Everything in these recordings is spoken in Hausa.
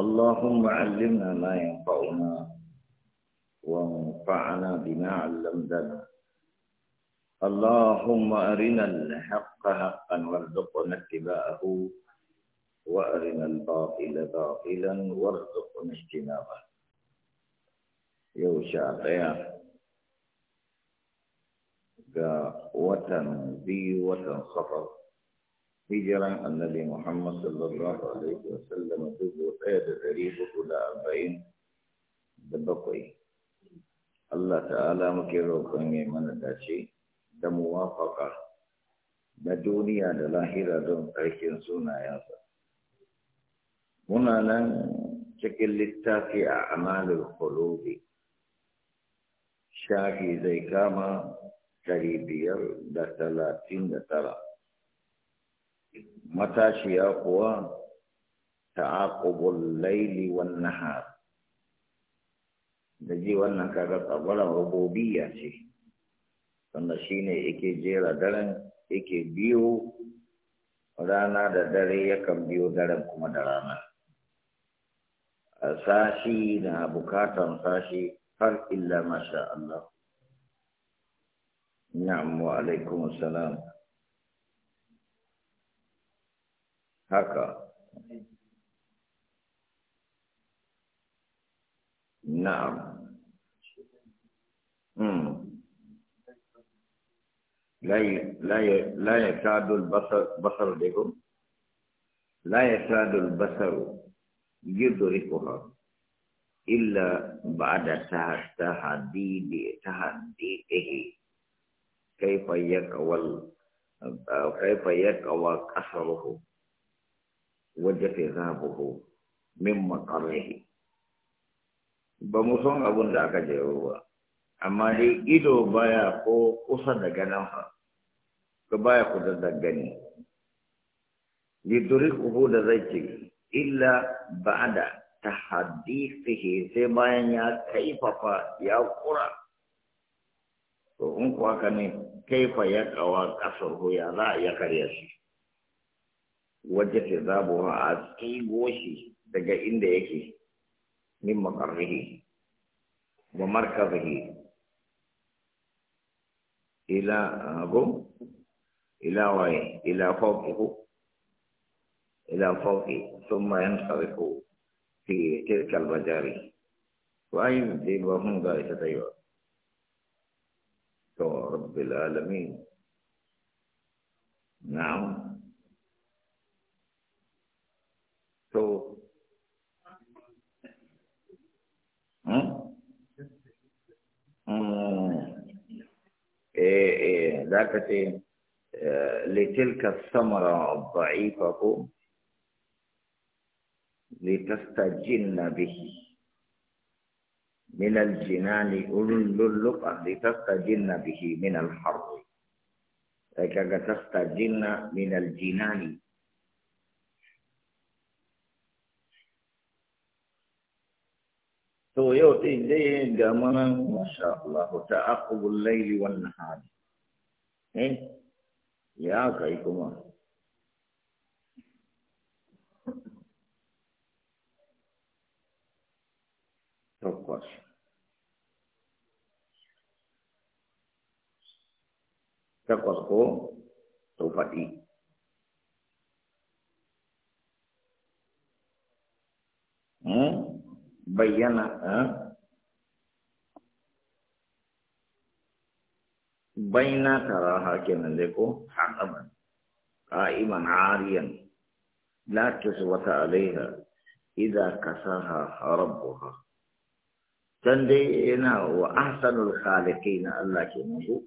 اللهم علمنا ما ينفعنا وانفعنا بما علمتنا اللهم أرنا الحق حقا وارزقنا اتباعه وأرنا الباطل باطلا وارزقنا اجتنابه يوشع غير قوة watan biyu hijiran annabi Muhammad sallallahu alaihi wasallam dubu ɗaya da ɗari hudu da arba'in da bakwai. Allah ta'ala muke roƙon ya mana dace da muwafaka na duniya da lahira don ƙarshen sunayensa. Muna nan cikin littafi a amalul qulubi shafi zai kama ɗari biyar da talatin da tara. matashiya kuwa ta'aqubul laili wan nahar da ji wannan kaga tsabaran rububiyya ce wanda shine yake jera daren yake biyo rana da dare yakan biyo daren kuma da rana sashi na bukatan sashi har illa masha Allah na'am wa alaikum salam نعم مم. لا يكاد البصر بصر لهم لا يكاد البصر يدركها إلا بعد تهديد تهديده كيف يقوى كيف يقوى كسره wajen fi zabuhu min makarrihi ba mu son abun da aka jero ba amma dai ido baya ko kusa da ganin ha ko baya kusa da gani ubu da zai ce illa ba'da tahaddithihi sai bayan ya taifafa ya kura to in kuwa ka ne kaifa ya kawa kasar ya za ya iya karya shi wajen hizabuwa a tsigo shi daga inda yake min makarrihi wa markazihi ila ago ila waye ila ko? ila fawqi thumma yansarifu fi ba al ga ita ta yi wa? to rabbi lalami na'am hmm? eh za ka ce litilka samara ba'ifa ko litastajinna bihi من الجنان أولو اللقى لتستجن به من الحر كما تستجن من الجنان yau ɗin dai ga manan masha Allah ta aqubul laili wan nahar eh ya kai kuma takwas takwas ko to faɗi hmm? بين آه، بين تراها كما لكو حقما قائما عاريا لا تسوة عليها إذا كسرها ربها تندينا وأحسن الخالقين الله كنه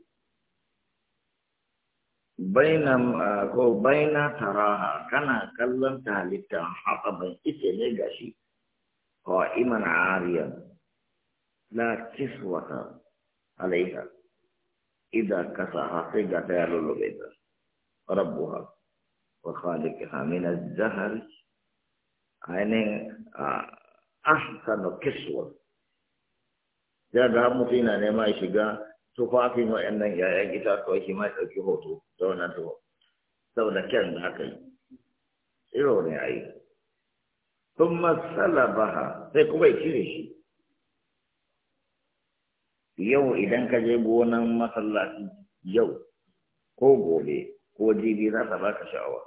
بين آه، بين تراها كما كلم تهلكا حقبا إتني غشي قائما عاريا لا كسوة عليها إذا كسها تجعل البيت ربها وخالقها من الزهر يعني أحسن كسوة جاءها مطينا نما يشجع تفاقي ما أن يا جيتا كوي ما يكيبوتو دونا دو دونا كن هكذا يروني عيد ثم سلبها sai kuma ya cire shi yau idan ka je gonan masallaci yau ko gobe ko jibi za ta baka sha'awa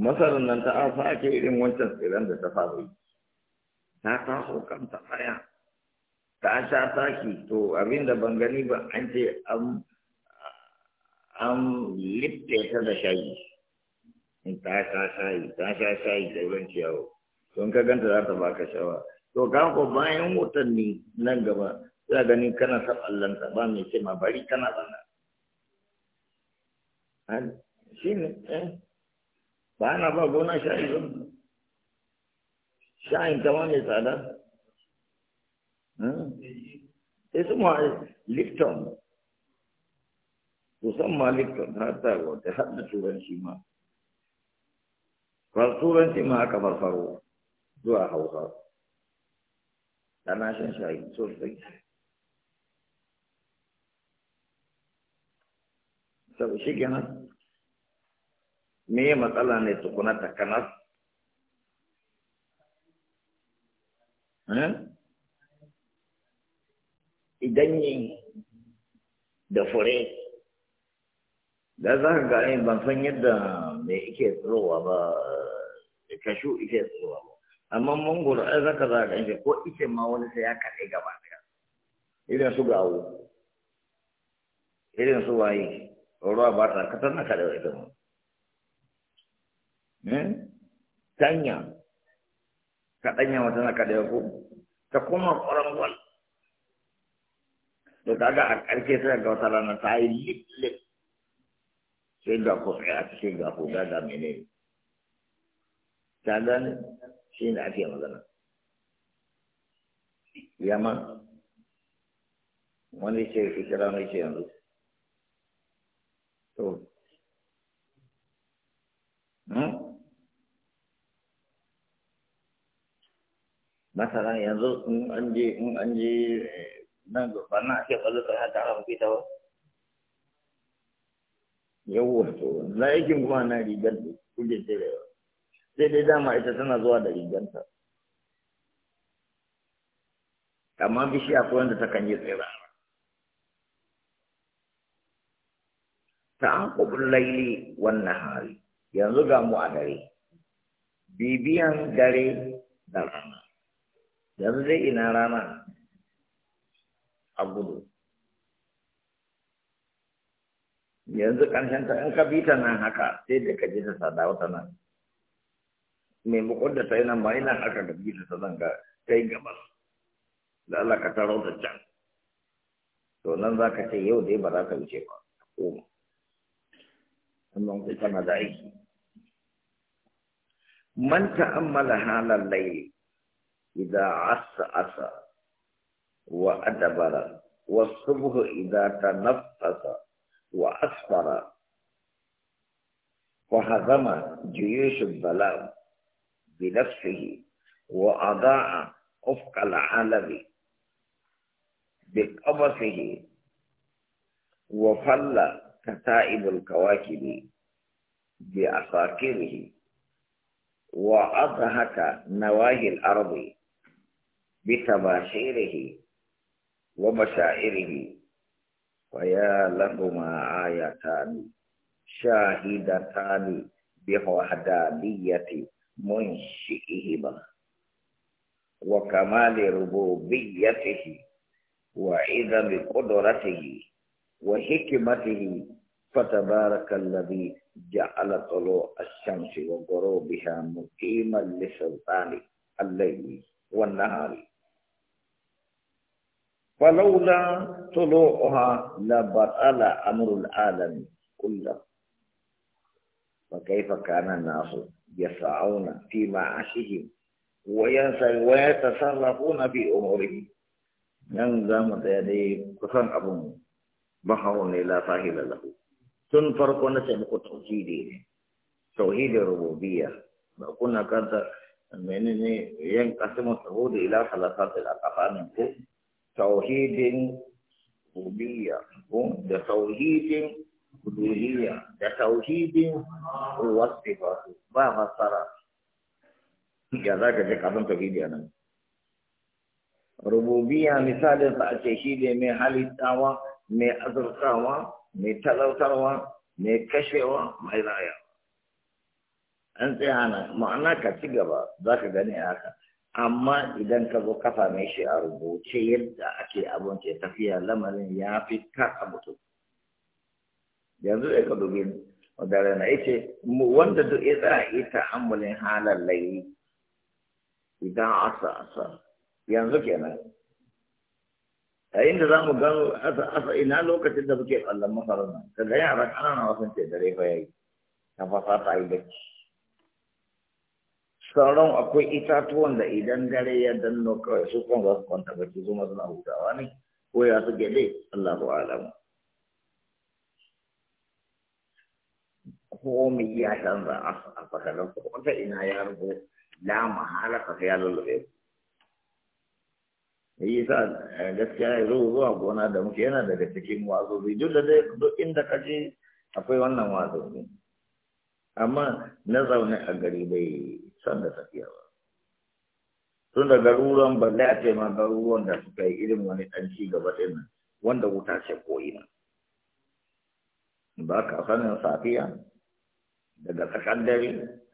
masarar nan ta afa ake irin wancan tsiran da ta faru ta taso kanta tsaya ta sha taki to abin da ban gani ba an ce an lifte ta da shayi in ta sha shayi ta sha shayi da wurin ciyawo don ka ganta za ta baka shawa to ka ko bayan watanni nan gaba za gani kana ta ballanta ba mai ce ma bari kana bana. shi ne eh ba na ba gona shayi ba shayin ta ma mai tsada sai hmm? eh, su ma lifton musamman lifton har ta wata har da turanci ma turanci ma aka farfaro zuwa hausa tana shan shayi sosai sau shi kenan me matsala ne tukuna takanas eh? idan yi da fure da za ka ga ban san yadda me yake tsirowa ba kashu ike tsirowa ba amma mangoro ai zaka za ka ganshi ko ike ma wani sai ya kaɗe gaba ɗaya irin su gawo irin su waye ruwa ba ta katar na kaɗe ita ma hmm? tanya kaɗanya wata na kaɗe ko ta kuma ƙwarangwal to kaga a ƙarshe sai ga wata rana ta yi lip lip sai ga kufai eh, a cikin ta gane wani ce fitira ce yanzu hmm? masalah yanzu an je in an je eh, nan gaba na ake ba yawwa to na yakin kuma na rigar da kuke sai dai dama ita tana zuwa da rigar ta. amma bishiya akwai wanda ta kan yi tsira ta an kubin laili wannan hari yanzu ga mu a dare bibiyan dare da rana yanzu zai ina rana a gudu yanzu ƙarshen ta in ka bi ta nan haka sai da ka ji ta sada wata nan maimakon da ta yi nan ba nan haka ka bi ta ta zanga kai gabas da Allah ka taro ta can to nan za ka ce yau dai ba za ka wuce ba koma annan kai kana da aiki man ta'ammala halal layli idza asa asa wa adabara والصبح ta تنفس وأسفر وهزم جيوش الظلام بنفسه وأضاع أفق العالم بقبصه وفل كتائب الكواكب بأساكره وأضحك نواهي الأرض بتباشيره ومشاعره فيا لهما آيتان شاهدتان بوحدانية منشئهما وكمال ربوبيته وعظم قدرته وحكمته فتبارك الذي جعل طلوع الشمس وغروبها مقيما لسلطان الليل والنهار فلولا طلوعها لبطل أمر العالم كله فكيف كان الناس يسعون في معاشهم ويتصرفون في أمورهم ينظم تيدي كفن أبو بحر لا ساحل له تنفرق نسمك توحيدي توحيد الربوبية كنا كذا من ينقسم التوحيد إلى من الأقسام tauhidin rububiyya ko da tauhidin uluhiyya da tauhidin wasifatu ba masara ya za ka ji kafin tauhidi nan rububiyya misalin sa ake shi ne mai halittawa mai azurtawa mai talautarwa mai kashewa mai raya an tsaya nan ma'ana ka ci gaba za ka gani a haka amma idan ka zo kafa mai shi a rubuce yadda ake abun ke tafiya lamarin ya fi ka a mutum yanzu ya ka dubi wadda na ce wanda duk ya tsaya ita amulin halar layi idan asa asa yanzu kenan a inda za mu gano asa asa ina lokacin da muke tsallon masarar nan kaga yara ƙanana wasan ce dare fa yayi ta fasa ta yi bacci sauran akwai itatuwan da idan dare ya danno kawai su kuma za su kwanta baki zuma suna hutawa ne ko ya su gede Allah ba Ko komai ya canza a ku, wata ina ya rubo la mahala ka ya lullube yi sa eh, gaskiya ya zo zuwa gona da muke yana daga cikin wazo bai duk da dai duk inda ka je akwai wannan wazo ne amma na zaune a gari bai san da tafiya ba tun da garuruwan balle a ce ma garuruwan da suka yi irin wani ɗan ci gaba ɗin wanda wuta ce ko'ina ba ka sanin safiya daga tsakar dare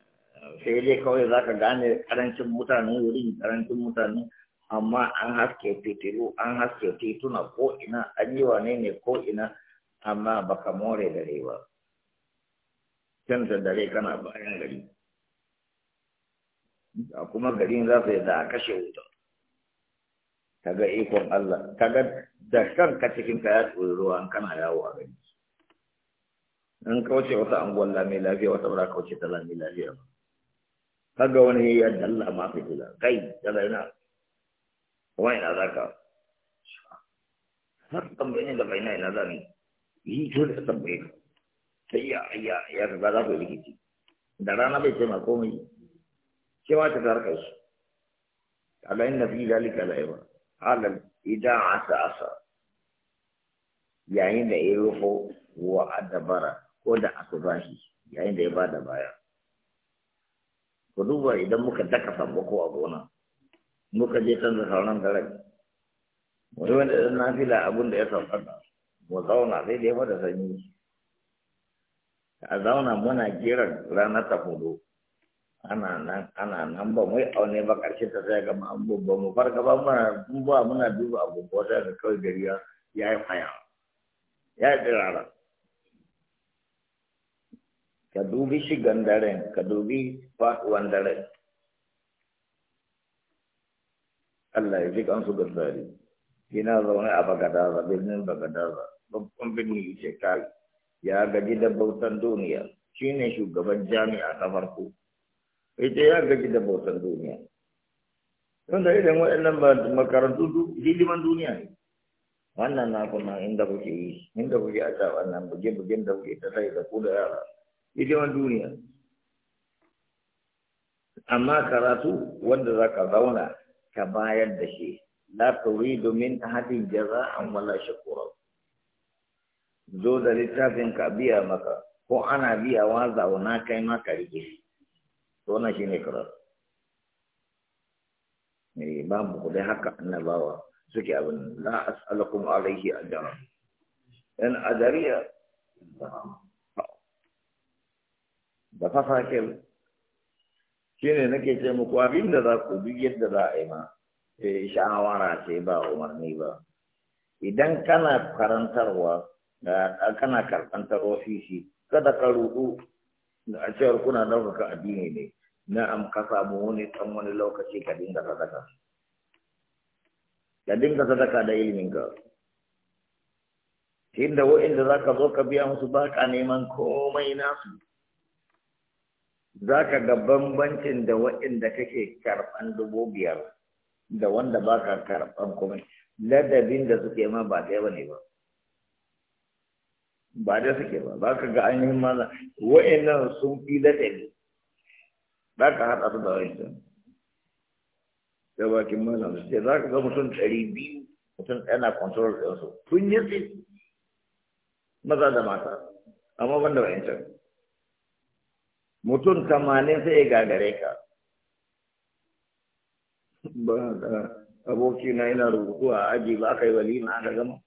sai dai kawai za ka gane karancin mutanen wurin karancin mutane amma an haske fitilu an haske tituna ko ina an yi wane ne ko ina amma baka more dare ba can da dare kana bayan gari kuma garin za su yadda a kashe wuta kaga ikon Allah kaga da kanka cikin ka ya tsoro ruwa an kana yawo a gani in kauce wata anguwan lami lafiya wata ba kauce ta lami lafiya ba kaga wani ya Allah ma fitila kai kuma ina za ka? har tambayi ne da bai na ina ni yi to da tambaye ka sai ya ya ya ba za ku likiti. da rana bai ce ma komai cewa ta su? shi ala inna fi zalika la'iba halal idan asa asa yayin da ya rufo wa adabara ko da bashi, yayin da ya bada baya ku duba idan muka daka ko a gona muka je canza sauran daren wani wanda na fila abin da ya sauƙaƙa mu zauna sai dai mata sanyi a zauna muna jiran ranar ta hudu ana nan ana nan ba mu yi aune ba ƙarshe ta sai ga abubuwa mu farka ba muna duba muna duba abubuwa sai ga kawai gari ya yi faya ya yi tsirara ka dubi shigan daren ka dubi faɗuwan daren Allah ya ji kansu gaddari yana zaune a bagadaza birnin bagadaza babban birnin shekari ya gaji da bautan duniya shine shugaban jami'a ta farko ita ya gaji da bautan duniya don da irin waɗannan makarantu hidiman duniya ne wannan na kuna inda kuke yi inda kuke a ta wannan buge buge da kuke ta sai da ku da yara hidiman duniya amma karatu wanda za ka zauna ka bayar da shi la turidu min jaza jaza'an wala shukura zo da littafin ka biya maka ko ana biyawa zauna kai ma ka rike to wannan shine ne eh mu ku dai haka annabawa suke abin la as'alukum alayhi ajra in ajariya da fa ke shine nake ce muku abin da za ku bi yadda za a yi ma Eh shawara ce ba umarni ba idan kana karantarwa eh, kana karantar ofishi kada ka rubu. da a cewar kuna ɗaukaka addini ne na am ka samu wani ɗan wani lokaci ka dinga sadaka ka dinga sadaka da ka. shi da wa'inda za ka zo ka biya musu baka neman komai nasu za ka ga bambancin da wa'inda kake karɓan dubu biyar da wanda baka karɓan komai ladabin da suke ma ba ɗaya ba ne ba ba da suke ba za ka ga an mana wa'annan sun fi ne. za ka haɗa su da wancan da bakin malam sai za ka ga mutum ɗari biyu mutum yana control ɗinsu sun yi tsi maza da mata amma ban da wa'ancan mutum tamanin sai ya gagare ka ba aboki na yana rubutu a aji ba aka yi walima aka gama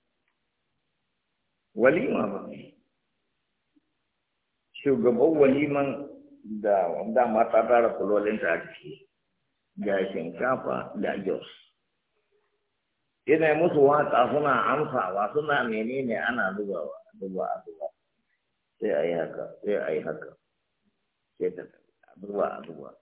walima ba shugaban waliman da wanda mata tara kulolin ta ciki ga shinkafa da jos ina musu waka suna amsawa suna menene ana zubawa zuba a zuba sai a yi haka sai a yi haka sai ta zuba a zuba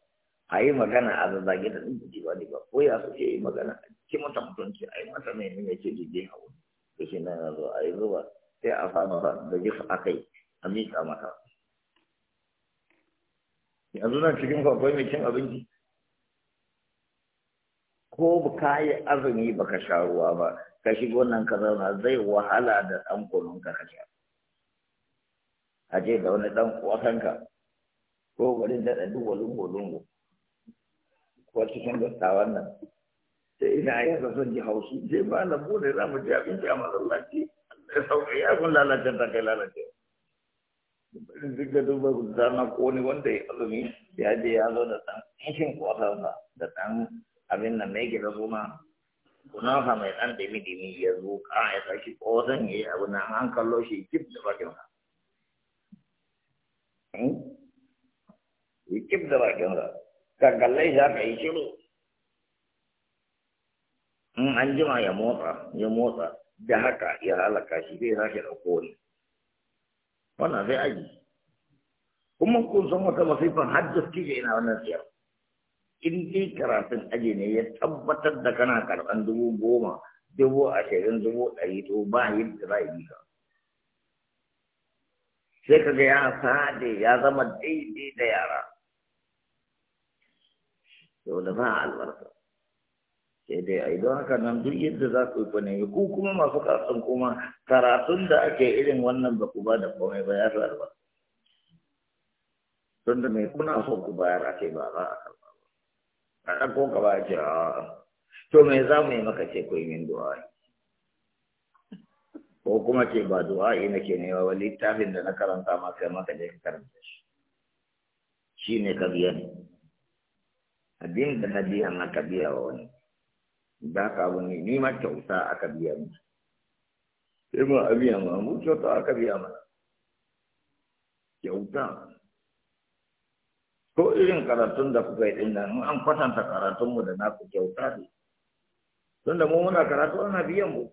a yi magana a zazzage da ɗin jiwa ne ba ko ya suke yi magana a cikin mata mutunci a yi mata menene ce jirgin hawa da shi na zo a yi zuba sai a samu da jifa a kai a miƙa mata yanzu nan cikin kwakwai mai cin abinci ko ka yi azumi ka sha ruwa ba ka shigo nan ka zauna zai wahala da ɗan kununka ka sha a ce da wani ɗan ka. ko wani daɗa duwa lungu-lungu ko cikin dattawan nan sai ina yin son ji haushi sai ba na bude za mu ji abinci a masallaci sauƙi ya kun lalace ta kai lalace duk da duba guda na kone wanda ya azumi ya je ya zo da ɗan ƙashin kwasarsa da ɗan abin da mai gida suna kunansa mai ɗan dimi-dimi ya zo ka ya saki ƙosan ya yi abu na an kallo shi kip da bakinsa hmm? ya kif da ka kallai yi shiru in an jima ya motsa ya motsa da haka ya halaka shi zai sake ɗauko wani wannan sai aji kuma kun san wata masifan har gaskiya ina wannan siyar in dai karatun aji ne ya tabbatar da kana karɓan dubu goma dubu ashirin dubu ɗari to ba yadda za a yi ka sai ka ga ya sade ya zama daidai da yara yau da ba albarka sai dai a don haka nan duk yadda za ku yi kwanai ku kuma masu karatun kuma karatun da ake irin wannan ba ku ba da komai ba ya fi ba don da mai kuna so ku bayar a ce ba za a karba ba a ɗauko ka ba ce a to me za mu yi maka ce ku yi min du'a ko kuma ce ba du'a ina ke ne ba littafin da na karanta ma kai maka je ka karanta shi shi ne ka biya ne abin da na biya na ka biya wa wani da ka abin ne ni ma kyauta aka biya mu sai mu a biya ma mu kyauta aka biya mana kyauta ko irin karatun da kuka yi din nan an kwatanta karatun mu da naku kyauta ne tun da mu muna karatu ana biyan mu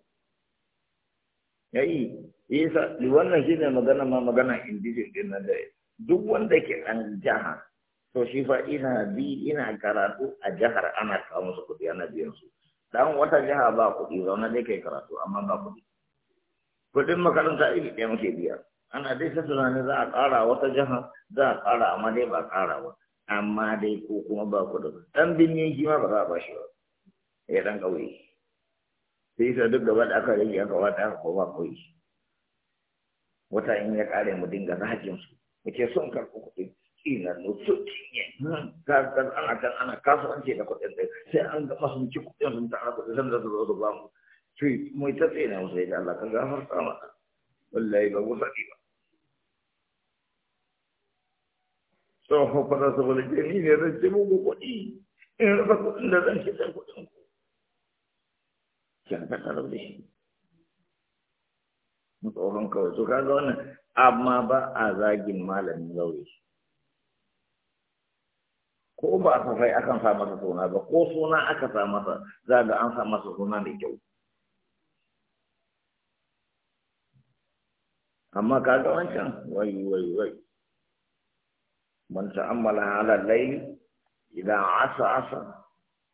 yayi isa wannan shine magana ma magana indijin din nan da duk wanda ke ɗan jaha to shi fa ina bi ina karatu a jihar ana kawo musu kuɗi ana biyan su dan wata jiha ba kuɗi zauna dai kai karatu amma ba kuɗi kuɗin makaranta iri ɗaya muke biya ana dai ta tunanin za a ƙara wata jiha za a ƙara amma dai ba ƙara ba amma dai ko kuma ba kuɗi. ɗan binne shi ma ba za a ba shi ba ya dan ƙauye sai sa duk gaba da aka rage aka wata aka koma ƙauye wata in ya ƙare mu dinga za su muke son karɓi kuɗi ina mutunci ne ga ga ana kan ana kasuwanci da kuɗin sai sai an ga sun ci kuɗin sun tara kuɗin sun da zo da bamu sai mai ta tsina mu sai da Allah ka gafarta mana wallahi ba ku sani ba so ho fara su wani ni ne zan ci muku kuɗi in rasa kuɗin da zan ci sai kuɗin ku kyan ta karau da shi tsohon kawai to kaga wannan amma ba a zagin malamin lauyi ko ba a safai akan sa masa suna ba ko suna aka sa masa za ga an sa masa suna mai kyau amma ka ga wancan wai wai wai man ta'ammala ala layl ila asa asa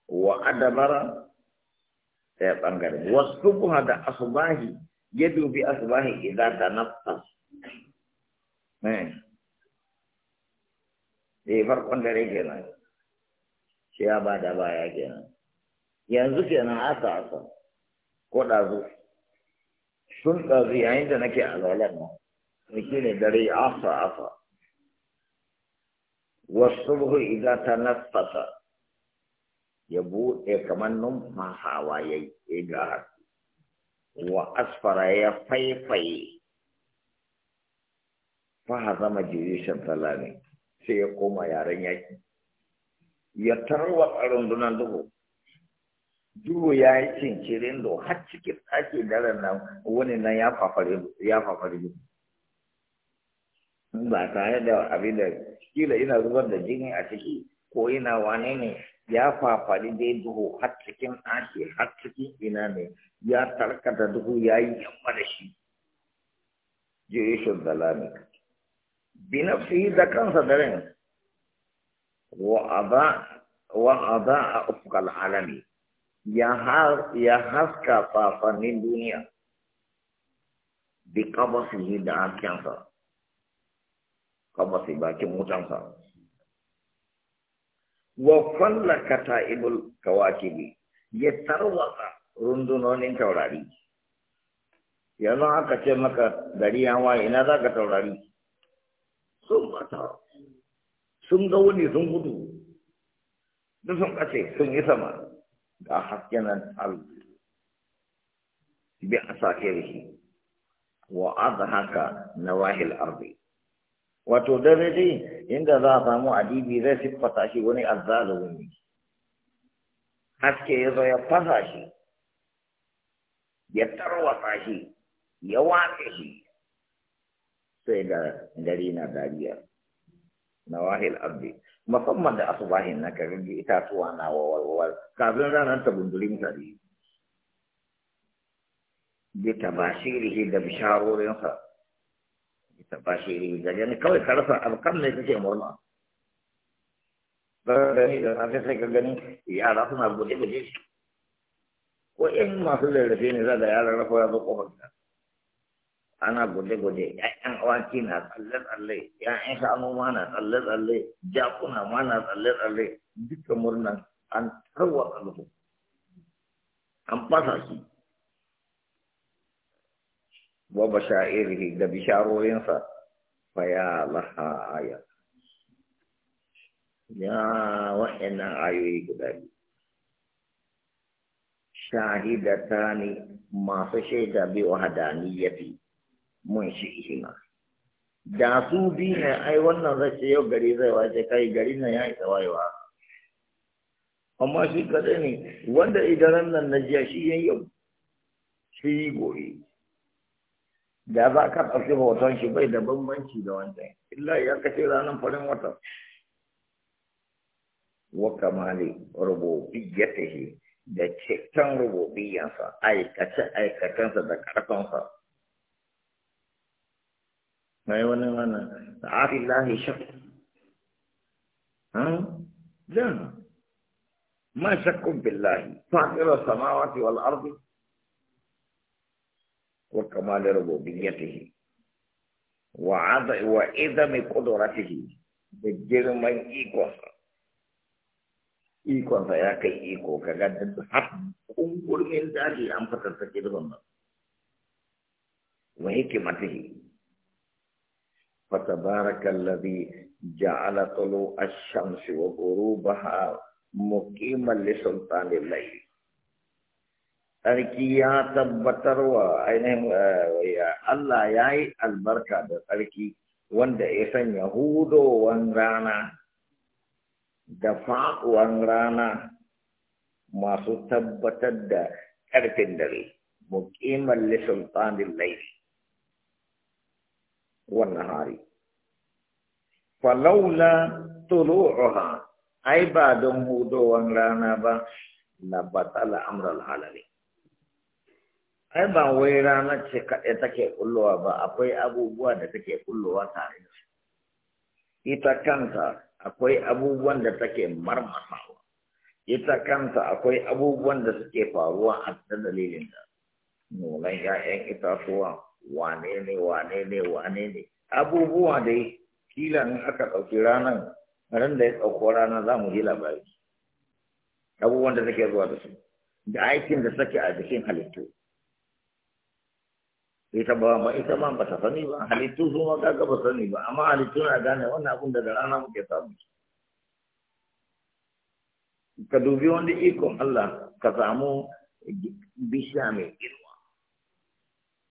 wa adabara ta bangare wasu buha da asbahi ya dubi asbahi idan ta nafas eh. eh farkon dare kenan shi ya ba da baya kenan yanzu kenan asa asa ko ɗazu sun ɗazu yayin da nake alwalar nan nake ne dare asa asa wasu idan ta nasfasa ya buɗe kamar numfasawa ya yi ga wa asfara ya faifaye fa zama jirgin talani sai ya koma yaren yaki ya tarwa a rundunar duhu duhu ya yi cincirin da har cikin ɗaki daren nan wani nan ya fafari duhu ba tare da abin da kila ina zubar da jini a ciki ko ina wane ne ya fafari dai duhu har cikin ɗaki har cikin ina ne ya tarkata duhu ya yi yamma da shi jirishin Bina fi da kansa daren wa'ada a ufkal alami ya haska fafannin duniya bi kabasihi da harkensa kabasi bakin wutansa wa fallaka ta'ibul kawakibi ya tarwata rundunonin taurari yanzu aka ce maka gari ya waye ina za ka taurari sun mata sun ga wani sun gudu duk sun kace sun yi sama ga haskenan albu bi asakirihi wa adhaka nawahil ardi wato dare dai inda za a samu adibi zai siffata shi wani azzalumi ne haske ya zo ya fasa shi ya tarwata shi ya watsa shi sai ga gari na dariya nawahil abdi musamman da asubahin na karbi itatuwa na wawarwar kafin ranar ta gunduri mutane bi tabashirihi da bisharorinsa bi tabashirihi da yani kawai ka rasa alkan ne kake murna da ni da safe sai ka gani yara suna guje-guje ko in masu rarrafe ne za da yaran rafa ya zo kofar gida ana gwaje-gwaje ‘ya'yan awaki na tsalle-tsalle ‘ya'yan shanu ma na tsalle-tsalle jakuna ma na tsalle-tsalle duka murnan an tarwa tsallu an fasa shi wa bashairihi da bisharorinsa fa ya laha aya ya wa'annan ayoyi guda biyu shahidatani masu shaida biyu hadaniyyati mun shi ina. da su bi ne ai wannan zai yau gari zai wace kai gari na ya isa wayewa amma shi kaɗai ne wanda idan nan na jiya shi yan yau shi yi gobe da za ka ɗauki hoton shi bai da bambanci da wancan illa ya kace ranar farin wata wa kamali rububiyyatihi da cikin rububiyansa aikace aikacensa da karfansa ما انا انا عافي الله شك ها لا ما شك بالله فاطر السماوات والأرض وكمال ربوبيته وعدم قدرته بجرم ايكو ايكو يا كي إيقو كغدا حق كل من ذلك أم فتر تكيد تهي فتبارك الذي جعل طلوع الشمس وغروبها مقيما لسلطان الليل أركيا تبتروا أينهم يا آه، الله يا البركة تركي وند إسن يهود وانغرانا دفاع وانغرانا ما سو تبتد أركندري مقيما لسلطان الليل والنهار فلولا طلوعها أي بعد هودو وانرانا ba لبطل أمر العالمين ai ba wai rana ce kaɗai take kullowa ba akwai abubuwa da take kullowa tare da su ita kanta akwai abubuwan da take marmasawa ita kanta akwai abubuwan da suke faruwa a ta dalilin da nunan 'ya'yan itatuwa wane ne wane ne wane ne abubuwa dai kila ne aka ɗauki ranar ran da ya ɗauko rana za mu yi labari abubuwan da take zuwa da su da aikin da take a jikin halittu ita ba ma ita ma ba ta sani ba halittu su ma kaga ba sani ba amma halittu na gane wannan abun da rana muke samu ka dubi wanda ikon Allah ka samu bishiya mai girma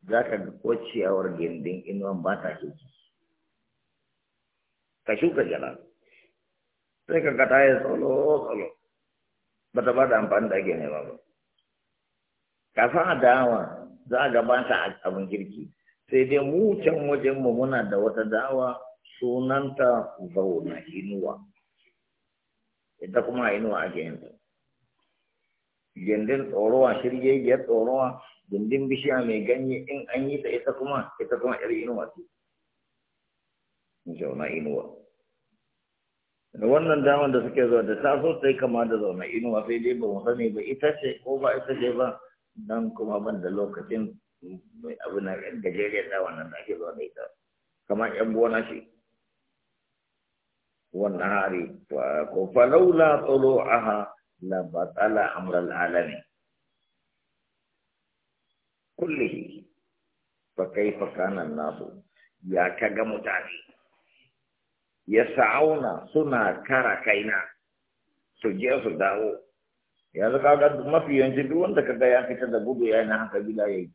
za ka ga ko ciyawar gindin inuwan ba ta ke ci ka shuka jana sai ka kata ya tsolo tsolo ba ta ba da amfani da ake nema ba kafin a dawa za a gabata abin kirki sai dai mu can wajen mu muna da wata dawa sunanta zauna inuwa ita kuma inuwa ake yin ta gindin tsorowa shirgegiyar tsorowa Dindin bishiya mai ganye in an yi ta ita kuma ita kuma yar inuwa ce zauna inuwa da wannan damar da suke zuwa da ta so ta kama da zauna inuwa sai dai ba mu sani ba ita ce ko ba ita ce ba dan kuma ban da lokacin abu na gajere da wannan da ake zuwa da ita kamar yan na shi wannan hari ko laula tsoro aha la batala amral alami kullihi fa kaifa kana nasu ya kaga mutane Ya sa'auna suna kara kaina su je su dawo yanzu ga mafi yanzu duk wanda kaga ya fitar da gudu ya na haka ya yi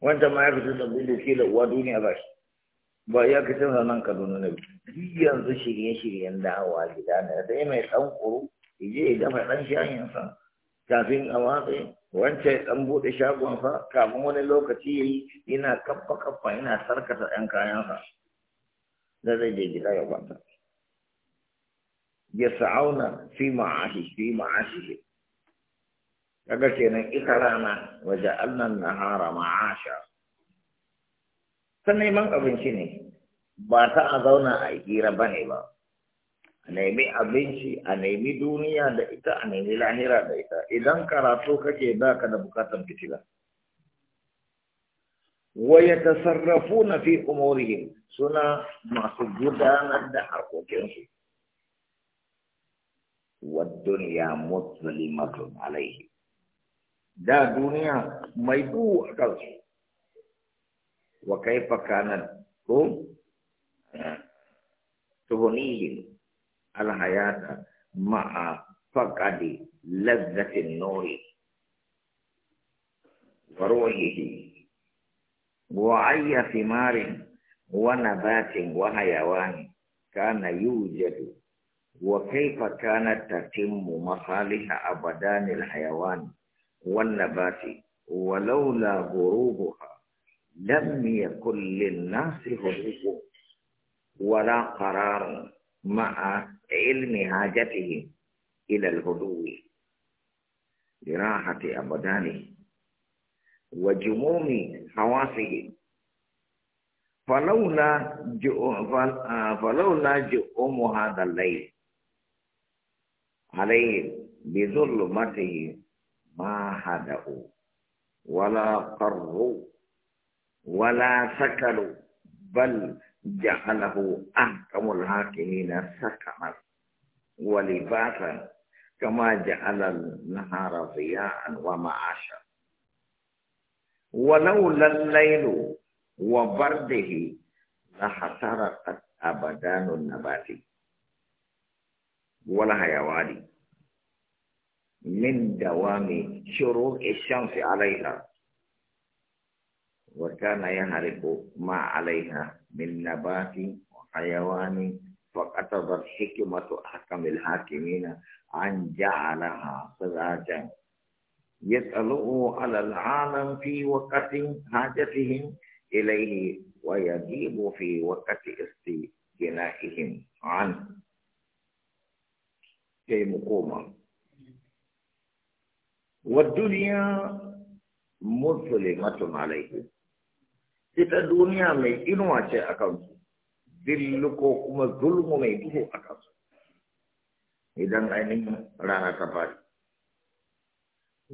wanda ma ya fitar da gudu da uwa duniya ba shi ba ya fitar da nan Kaduna biyu. yanzu shirye-shiryen dawowa gida ne sai mai ɗan kuru je ya gama ɗan shayin sa kafin a watsa wancan dan bude shagonsa kafin wani lokaci ya yi, yana kaffa kaffa yana sarkata 'yan kayansa da zai je gida ya kwanta ya sa'auna fi ma'ashi fi ma'ashi kaga kenan ita rana waje annan hara ma'asha sannan man abinci ne ba ta a zauna a hira bane ba a nemi abinci a nemi duniya da ita a nemi lahira da ita idan karatu kake ba ka da bukatar fitila waya tasarrafu na fi umurihim suna masu gudanar da harkokinsu wadduniya muslimatun alaihi da duniya mai duhu a kansu wa kaifa kanan ko eh, tuhuniyin الحياة مع فقد لذة النور وروحه وأي ثمار ونبات وحيوان كان يوجد وكيف كانت تتم مصالح أبدان الحيوان والنبات ولولا غروبها لم يكن للناس هروب ولا قرار مع علم حاجتهم إلى الهدوء لراحة أبدانه وجموم حواسهم فلولا آه، فلولا جؤم هذا الليل عليهم بظلمته ما هدأوا ولا قروا ولا سكلوا بل جعله أحكم الحاكمين سكما ولباسا كما جعل النهار ضياء ومعاشا ولولا الليل وبرده لحترقت أبدان النبات والحيوان من دوام شروق الشمس عليها وكان يهرب ما عليها من نبات وحيوان فقتضت حكمة أحكم الحاكمين عن جعلها سراجا يسأله على العالم في وقت حاجتهم إليه ويجيب في وقت استجنائهم عنه كي مقومة والدنيا مظلمة عليهم ita duniya mai inuwa ce a kansu zillu ko kuma zulmu mai duhu a kansu idan ainihin rana ta fari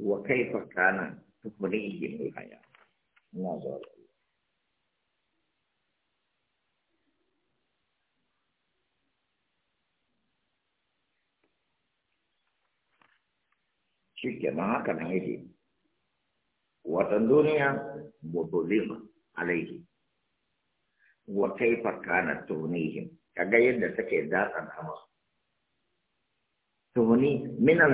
wa kaifa kana tufrihim haya ina zuwa shi ke ma haka nan yake watan duniya mutulima alaihi wa kaifa kana tuhnihi kaga yadda take datsan amma tuhni min al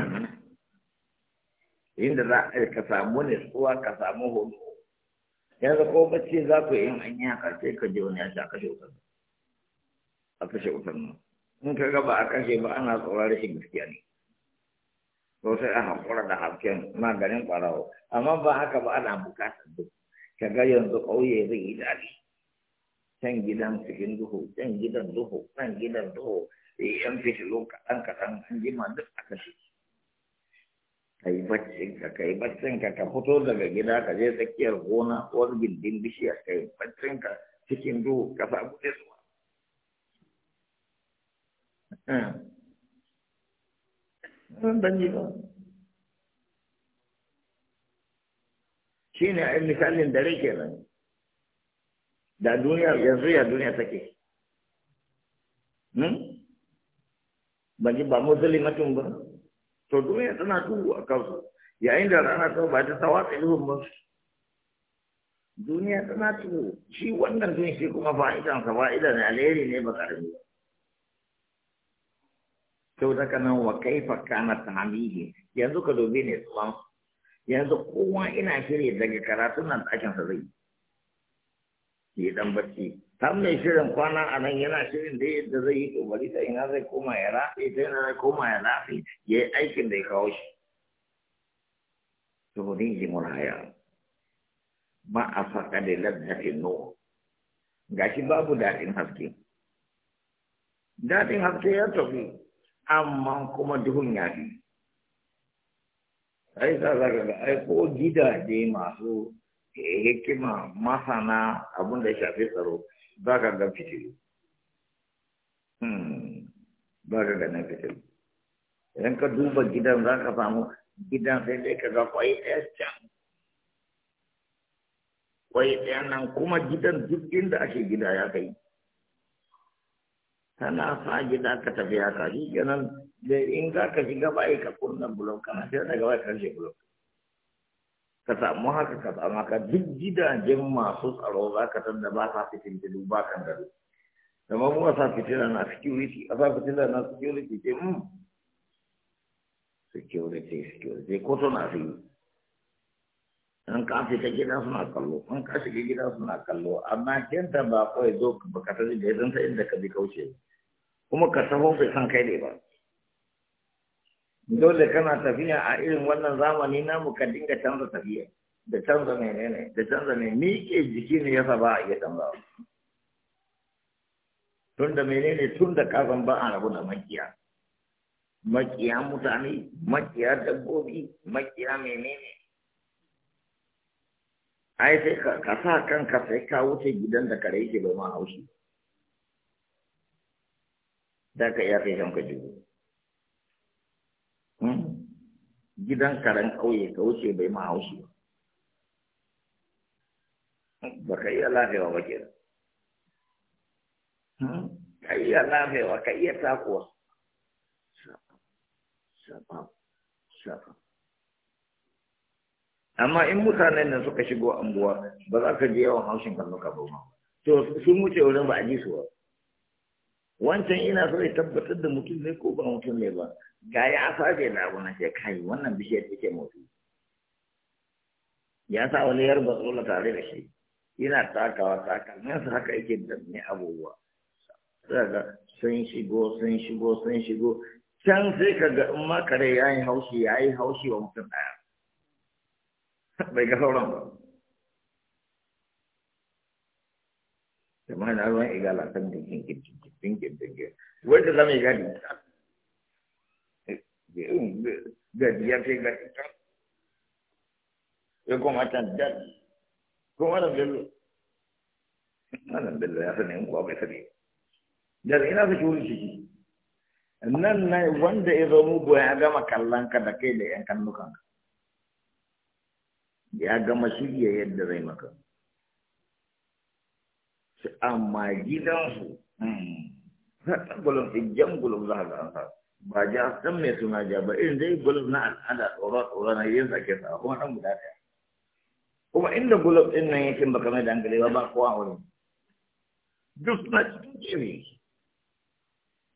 inda za ka samu suwa ka samu hudu yanzu ko bacci za ku yi hanya yi haka sai ka je wani ya kashe wutar a kashe wutar nan in ka ga ba a kashe ba ana tsoron rashin gaskiya ne ko sai a haƙura da hakken maganin ɓarawo amma ba haka ba ana buƙatar duk kaga yanzu ƙauye zai yi daɗi can gidan cikin duhu can gidan duhu can gidan duhu eh, yan fitilu kaɗan kaɗan an jima duk a kashe ka yi baccin ka ka yi baccin ka ka fito daga gida ka je tsakiyar gona ko gindin bishiya ka yi baccin ka cikin duhu ka samu isuwa dan hmm. ji ba shi ne a misalin dare ke nan da duniya yanzu ya duniya take hmm? ban ji ba musulmatin ba to duniya tana tuhu a kawo yayin da rana ta ba ta tawatsa duhun ba duniya tana tuhu shi wannan tun shi kuma fa'idansa fa'ida ne alheri ne ba karami ba sau da kanan wa kaifa kana ta hamili yanzu ka dobe ne tsuwansu yanzu kowa ina shirin daga karatun nan ɗakinsa zai yi dan bacci har mai shirin kwana a nan yana shirin da yadda zai yi to bari ta ina zai koma ya rafi ta ina zai koma ya rafi ya yi aikin da ya kawo shi to ni ji muraya ba a faɗa da laddatin no shi babu daɗin haske daɗin haske ya tafi amma kuma duhun ya fi ai sa za ka ga ai ko gidaje masu hikima masana abin da shafi tsaro za ka ga fitilu ba hmm, ka ganin fitilu idan ka duba gidan za ka samu gidan sai dai ka ga kwai ɗaya can kwai ɗaya nan kuma gidan duk inda ake gida ya kai tana sa gida ka tafi haka shi kenan da in za ka shiga bayi ka kunna bulon kana sai daga bayi ka shi bulon ka samu haka ka samu haka duk gidajen masu tsaro za ka san da ba sa fitin tudu ba kan gado mu a sa fitila na security a sa fitila na security ce mm security security ko suna fi an ka fita gida suna kallo an ka shiga gida suna kallo amma kenta ba kawai zo ka baka da ya zanta inda ka bi kauce kuma ka taho bai san kai ne ba dole kana tafiya a irin wannan zamani namu ka dinga canza tafiya da canza menene da canza ne miƙe jiki ne yasa ba a iya ba. tun da menene tun da kasan ba a rabu da makiya makiya mutane makiya dabbobi makiya menene ai sai ka sa kanka sai ka wuce gidan da kare yake bai ma haushi da ka iya kai ka jiki gidan karen ƙauye ka wuce bai ma haushi ba ba ka iya lafewa ba ke hmm? ka iya lafewa ka iya takuwa amma in mutanen nan suka shigo anguwa ba za ka je yawan haushin kan ka ba to sun wuce wurin ba a ji su ba wancan ina so ya tabbatar da mutum ne ko ba mutum ne ba ga ya sace da abu na kai wannan bishiyar take motsi ya sa wani yar tsola tare da shi yana takawa takalminsa haka yake da ne abubuwa daga sun shigo sun shigo sun shigo can sai ka ga in makare kare ya yi haushi ya yi haushi wa mutum ɗaya bai ga sauran ba amma na ruwan igala wanda ya gadi eh, eh, gadi ya kai gadi ya kuma can gadi kuma nan bello nan bello ya sani in kuwa bai sani da ina su shuri ciki nan na wanda ya zo mugu ya gama kallon ka da kai da yan kannukan ya gama shirya yadda zai maka amma gidansu haɗa hmm, gulum ijjan gulum za ka an sa ba ja san mai suna ja ba irin dai gulum na al'ada tsoron tsoron na yin sake sa kuma ɗan guda ɗaya kuma inda gulum ɗin nan yake ba kamar da hankali ba ba kowa wani duk suna cikin jiri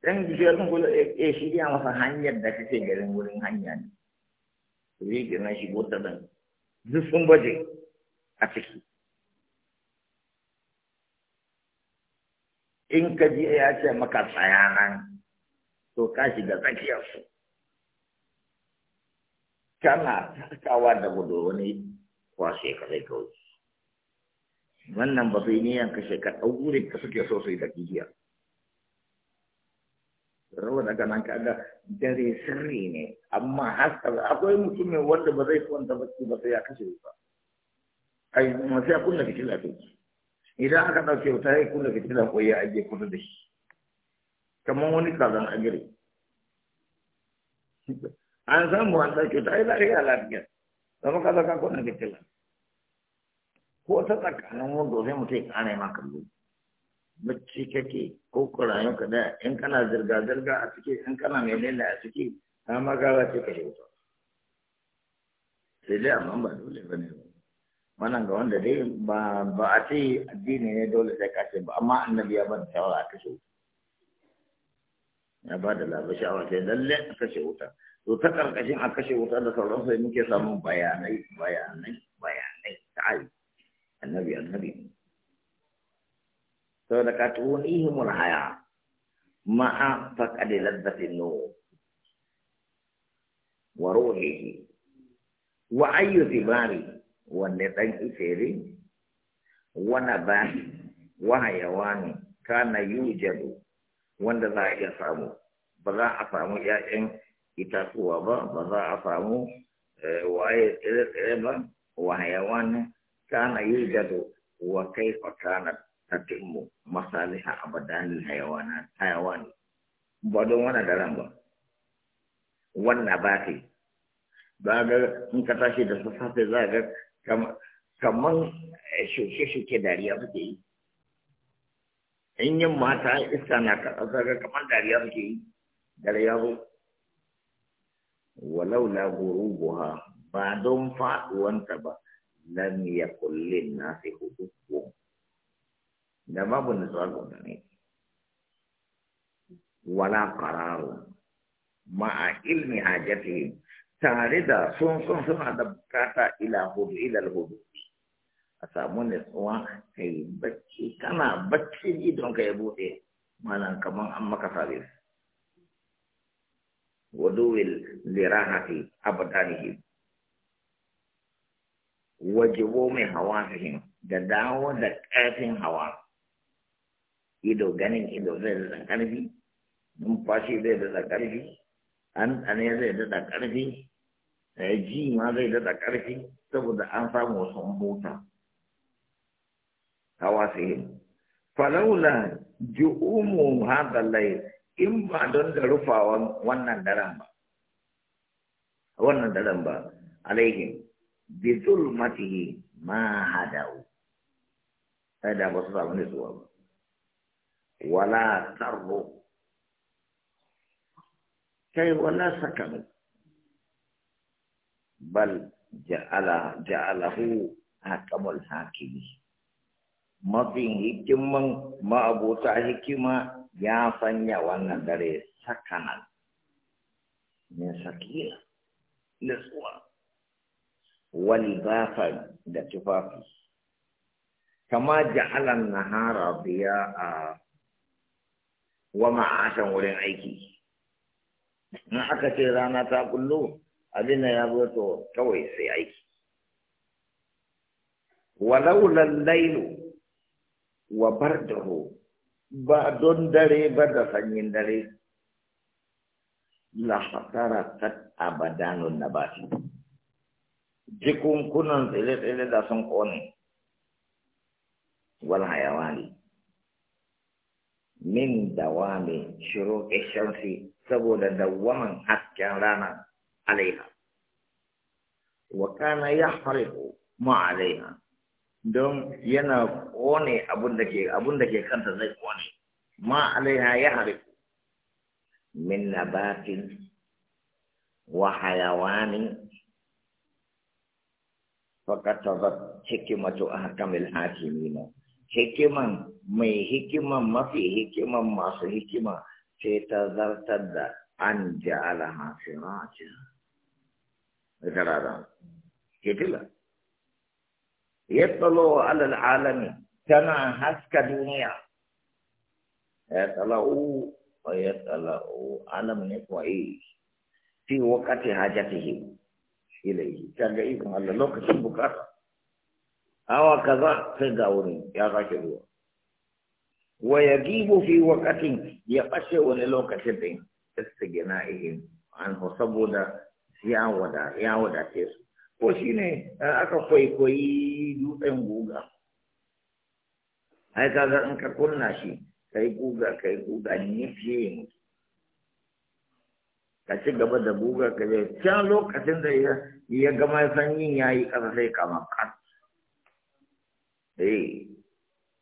ɗan gishiyar gulum ya eh, eh, shirya masa hanyar da kake garin wurin hanya ne. Zai gina shi gotar nan. Duk sun baje a ciki. in ka ji ya ce maka nan, to ka shiga tsakiyarsu kana takawa da gudu wani kwashe ka zai kawai wannan ba su niyan kashe ka ɗaure ka suke so su yi da kijiya rawa daga nan kaga dare sirri ne amma haska akwai mutumin wanda ba zai kwanta bacci ba sai ya kashe ba ai ma sai kunna fitila take idan aka ɗauke wuta ya kula fitilan ko ya ajiye kusa da shi kamar wani kazan agiri an samu an ɗauke wuta ya lafiya lafiya zama kaza ka kona ko ta tsakanin wanda sai mutum ya kane ma kallo bacci kake ko ka da in kana zirga-zirga a ciki in kana menene a ciki ta magara ce ka yi wuta sai dai amma ba dole ba ne ba wannan ga wanda dai ba ba a ce addini ne dole sai ka ce ba amma annabi ya ba da shawara a kashe wuta ya ba da labar shawara sai lalle a kashe wuta to ta karkashin a kashe wuta da sauran sai muke samun bayanai bayanai bayanai ta ai annabi annabi ne saboda ka tuhunihimul haya ma'a faqadi ladzatin no wa ruhihi wa ayyu Bari. Wanne ɗan ifere wana ba wahayawa ne kana yujadu wanda za a iya samu ba za a samu ‘ya'yan itatuwa ba ba za a samu eh, waye tsere tsire ba wahayawa ne kana yujadu wa kai kaifa kana tatimmu masaliha abadan hayawana hayawani ba don wani daren ba wannan ba sai ba ga in ka tashi da sassafe za ga kaman eh, shuke-shuke dariya muke yi in yin mata iska na zaga kamar dariya muke yi dariya zo walau la buha ba don faɗuwanta ba lam na sai hudu ko da babu nutsuwa ga ne. wala ma a ilmi hajatihim tare da sun sun suna da bukata ila hudu ilal hudu a samu nutsuwa ka bacci kana bacci idon ka ya buɗe malam kaman an maka sabis waduwil lirahati abadanihim wajibo mai hawa fihim da dawo da ƙarfin hawa ido ganin ido zai da ƙarfi numfashi zai da ƙarfi an tsane zai da ƙarfi ji ma zai daɗa ƙarfi saboda an samu wasu mota hawa sihim falaula ju'umu hada lai in ba don da rufawan wannan daren ba wannan daren ba alaihim bi zulmatihi ma hadau sai da ba su samu nutsuwa ba wala tarbo kai wala sakanu bal ja'ala ja'alahu hakamul hakimi mafin hikiman ma'abota hikima ya sanya wannan dare sakanan ne sakina nutsuwa da tufafi kama ja'alan nahara biya a wa ma'asan wurin aiki Na aka ce rana ta kullu abin nan ya zo to kawai sai aiki walau lallailu wa bardahu ba don dare ba da sanyin dare la hatara kat abadanun nabati jikunkunan tsile-tsile da sun ƙone wal hayawani min dawami shiro shamsi saboda dawaman hasken rana عليها وكان يحرق ما عليها دون ينا قوني أبون دكي أبون دكي كانت زي قوني ما عليها يحرق من نبات وحيوان فكتبت حكمة أحكم الحاكمين حكمة مي حكمة ما في حكمة ما في حكمة في أن جعلها سراجا garara Ya yattalo alal alami tana haska duniya Ya yattala'u wa ya yattala'u alam ne kuwa eh fi wakati hajatihim ilaihi kaga ikon Allah lokacin bukata awa kaza sai ga wurin ya sake zuwa wa ya yagibu fi waqatin ya fashe wani lokacin din istighna'ihim anhu saboda ya wada ya wadace su ko shine aka kwaikwayi dutsen guga ai kaga in ka kunna shi kai guga kai guga ne fiye mutu ka ci gaba da guga ka je can lokacin da ya gama sanyin ya yi ƙasa sai kama kat eh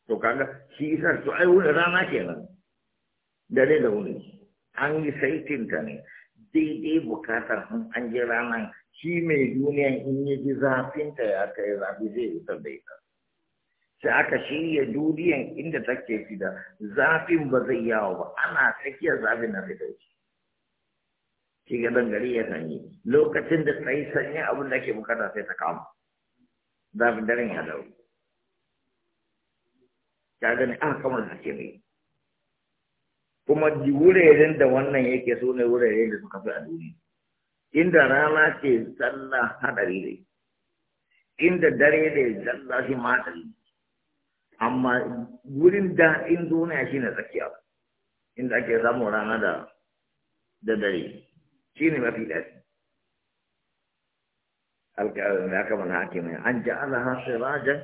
to kaga shi isa to ai wani rana kenan dare da wuni an yi saitin ne daidai bukatar sun an ji ranar shi mai duniya in yi ji zafinta ya kai zafi zai wutar da ita sai aka shirya duniya inda take fida zafin ba zai yawo ba ana tsakiyar zafin na fita shi shi ga dangare ya sanyi lokacin da tsayi sanyi abin da ake bukata sai ta kama zafin daren ya dauki ka gani aka kamar da ke mai kuma wuraren da wannan yake so ne wurare da suka fi a duniya inda rana ce zalla hadari ne inda dare ne zalla shi matari amma wurin da in duniya shi ne tsakiya inda ake samun rana da da dare shi ne mafi daɗi alƙawarin da aka mana mai an ja'ala hasirajan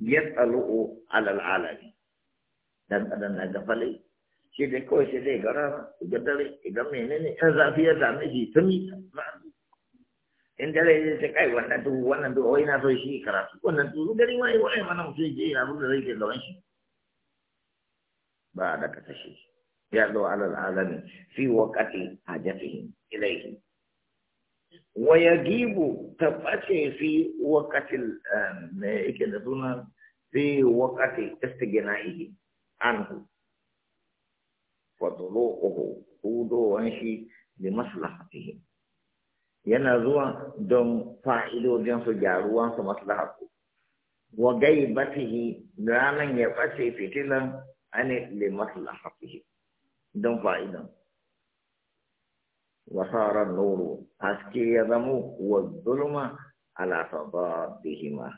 yas'alu'u alal alami dan adam na gafalai shi dai kawai sai zai gara idan dare idan menene in zafi ya same shi ta mita in dare zai ce kai wannan duhu wannan duhu wai na so shi karatu wannan duhu gari ma yi wani mana mutum ke yana abin da zai ke gaban shi ba da ka shi. ya zo alal alamin fi a waqati hajatihi ilayhi wa ta tabace fi waqati eh, me yake da suna fi waqati istigna'ihi anhu وضلوعه هودو وانشي maslahatihi yana zuwa don fa'idojin su gyaruwan su maslahatu wa gaibatihi ranan ya bace fitilan ane li maslahatihi don fa'idan wa sara nuru haske ya zamu wa zulma ala sababihima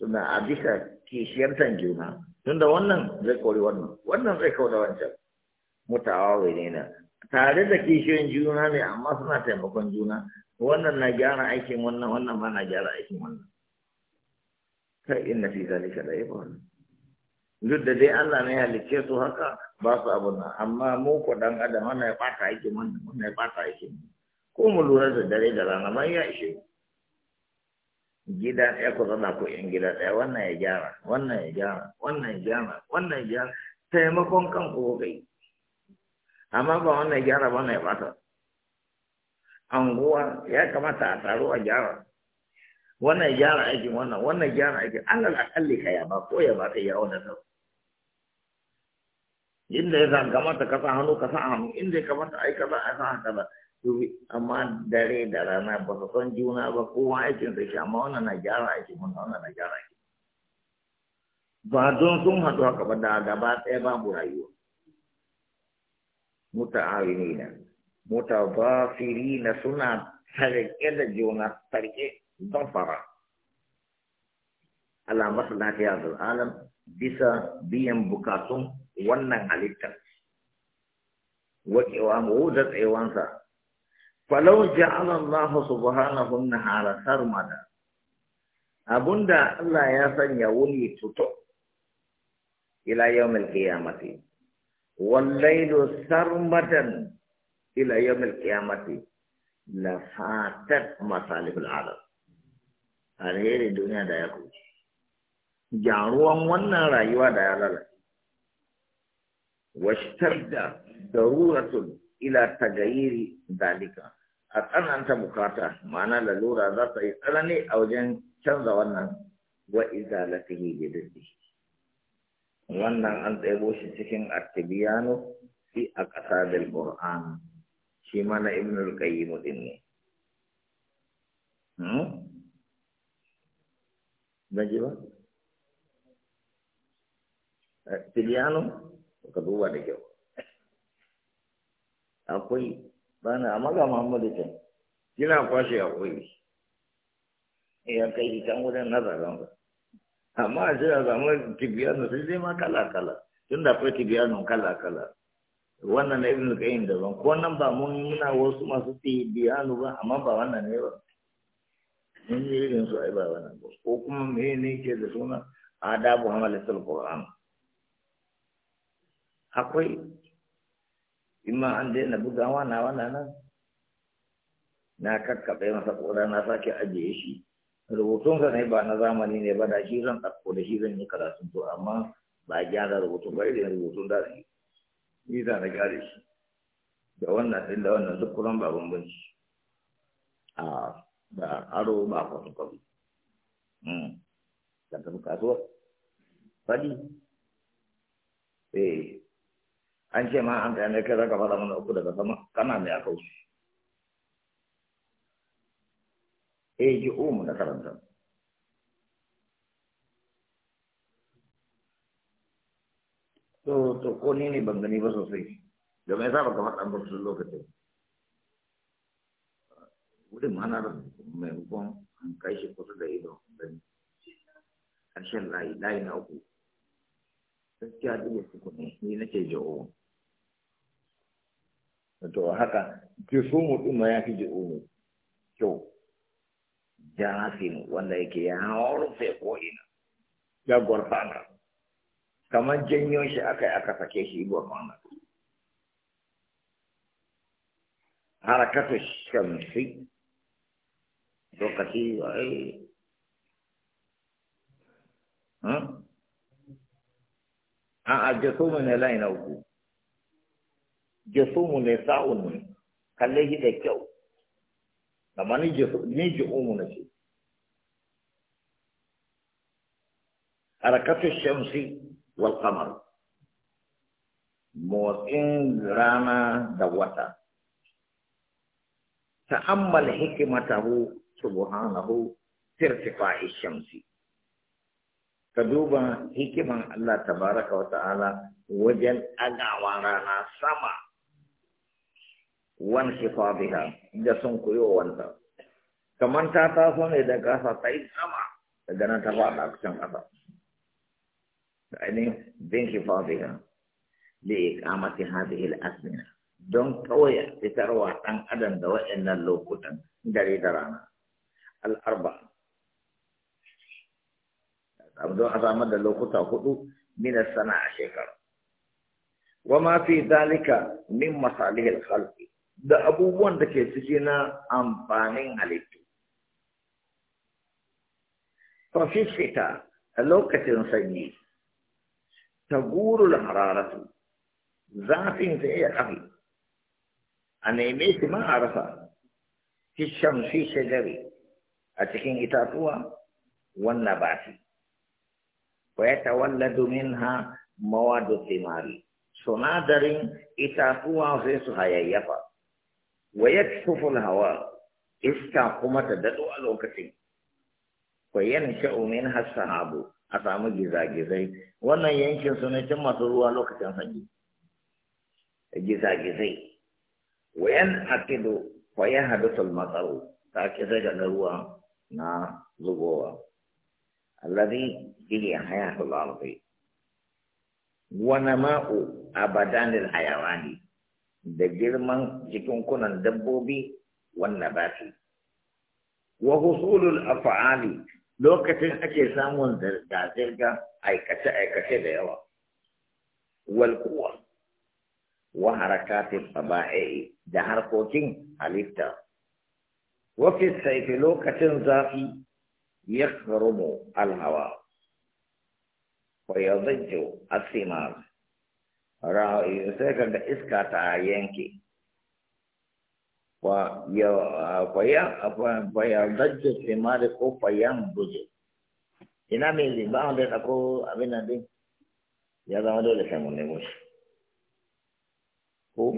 suna a bisa kishiyartan juna tunda wannan zai kori wannan wannan zai kauda wancan mutawawirina tare da kishiyoyin juna ne amma suna taimakon juna wannan na gyara aikin wannan wannan ba na gyara aikin wannan kai na fi ka da ibon duk da dai Allah ne halicce su haka ba su abu na amma mu ko dan adam wannan ya bata aikin wannan wannan ya bata aikin ko mu lura da dare da rana ma ya ishe gida ɗaya ku zama ko in gida ɗaya wannan ya gyara wannan ya gyara wannan ya gyara wannan ya gyara taimakon kanku kai amma ba wannan gyara ba wannan ya bata anguwa ya kamata a taro a gyara wannan gyara aikin wannan wannan gyara aikin alal akalli ka ya ba ko ya ba ta ya wannan sau inda ya kamata ka sa hannu ka sa hannu inda ya kamata yi kaza a sa kaza amma dare da rana ba su san juna ba kowa aikin sa shi amma wannan na gyara aikin wannan wannan na gyara aikin ba don sun haɗu haka ba da gaba ɗaya babu rayuwa muta'awinina mutadafirina suna tarike da juna tarike don fara lafiya maslahatil alam bisa biyan bukatun wannan halittar wakewa mu da tsayawansa falau ja'ala Allah subhanahu ta'ala sarmada abunda Allah ya sanya wuni tuto ila yawmil qiyamati والليل سرمدا إلى يوم القيامة لفاتت مصالح العالم alherin duniya da ya kuce gyaruwan wannan rayuwa da ya lalace washtar da daruratul ila tagayiri dalika a tsananta bukata ma'ana lalura za ta yi tsanani a wajen canza wannan wa izalatihi bi dindihi wannan an tsebo shi cikin attibiyanu fi a ƙasa da ƙur'an shi mana ibn al-qayyim din ne hmm? ba? Ka duba da kyau. Akwai bana Muhammadu can. Yana kwashe akwai. Ya kai shi wurin wajen amma a ce a samu tibiyanu sai zai ma kala-kala tun da akwai tibiyanu kala-kala wannan na ibn qayyim daban ko nan ba mun muna wasu masu tibiyanu ba amma ba wannan ne ba mun yi irin su ai ba wannan ba ko kuma me ne ke da suna adabu hamalatul qur'an akwai imma an na bugawa na wannan na kakkabe masa ƙura na sake ajiye shi rubutunsa ne ba na zamani ne ba da shi zan ɗauko da shi zan yi karatun to amma ba a gyara rubutun ba irin rubutun da ne ni za na gyara shi da wannan ɗin da wannan duk kuran ba bambanci a da aro ba kwasu kwasu da hmm. tafi kasuwa fadi eh an ce ma an ta ne kai zaka fara mana uku daga sama kana mai akaushi eh ji umu na karanta to to ko ne ne ban gani ba sosai da mai saba kamar an bar su lokacin wurin mana da maimakon an kai shi kusa da ido don ƙarshen layi layi na uku gaskiya duk su ne ni nake ji umu to haka ji su ɗin ma ya kyau jarasin wanda yake ya ko ko'ina ya gwarfana. kamar janyo shi aka yi aka sake shi gwarfana. harakatu shamsi lokaci a hmm? a'a mu ne na uku mu ne sa'un kalle shi da kyau amma ni ji'umu na ce harakatu shamsi wal kamar. motsin rana da wata ta'ammal hikimatahu subhanahu tirtifa'i shamsi ka duba hikiman Allah tabaraka wa ta'ala wajen agawa rana sama وانخفاضها جسم كيو تا كمان تاتا سون إذا كاسا تايد سما إذا نتفاق أكسن أسا يعني بانخفاضها لإقامة هذه الأزمنة دون قوية تتروا عن أدن دوائنا اللوكوتا جري درانا الأربعة أبدو أسامد اللوكوتا خطو من السنة الشكر وما في ذلك من مصالح الخلق da abubuwan da ke ciki na amfanin halittu. Fafifita a lokacin sanyi, ta da hararatu, zafin ta iya ƙafi, a neme shi ma a rasa, ki shamsi shagari a cikin itatuwa, wannan ba shi. Wa ya ha minha mawadu timari, sunadarin itatuwa sai su hayayyafa. wa yakshufu hawa iska kuma ta dado a lokacin wa yansha'u min hasahabu a samu gizagizai wannan yankin su ne masu ruwa lokacin sanyi gizagizai wa yan'aqidu fa yahdathu al ta ke sai ga ruwa na zubowa alladhi ma'u hayatul ardi wa nama'u abadanil hayawani da girman jikunkunan dabbobi wannan bafi wa husulul af'ali lokacin ake samun zirga-zirga aikace-aikace da yawa wal kuwa wa harakatin saba'i da harkokin halitta wa fi saifi lokacin zafi yakhrumu al-hawa wa zai as asimar. sai ka ga iska ta yanke wa ya zajjo limari ko fayan buje ina mai liba wanda ya ko abin nan din ya zama dole sai mun nemo shi ko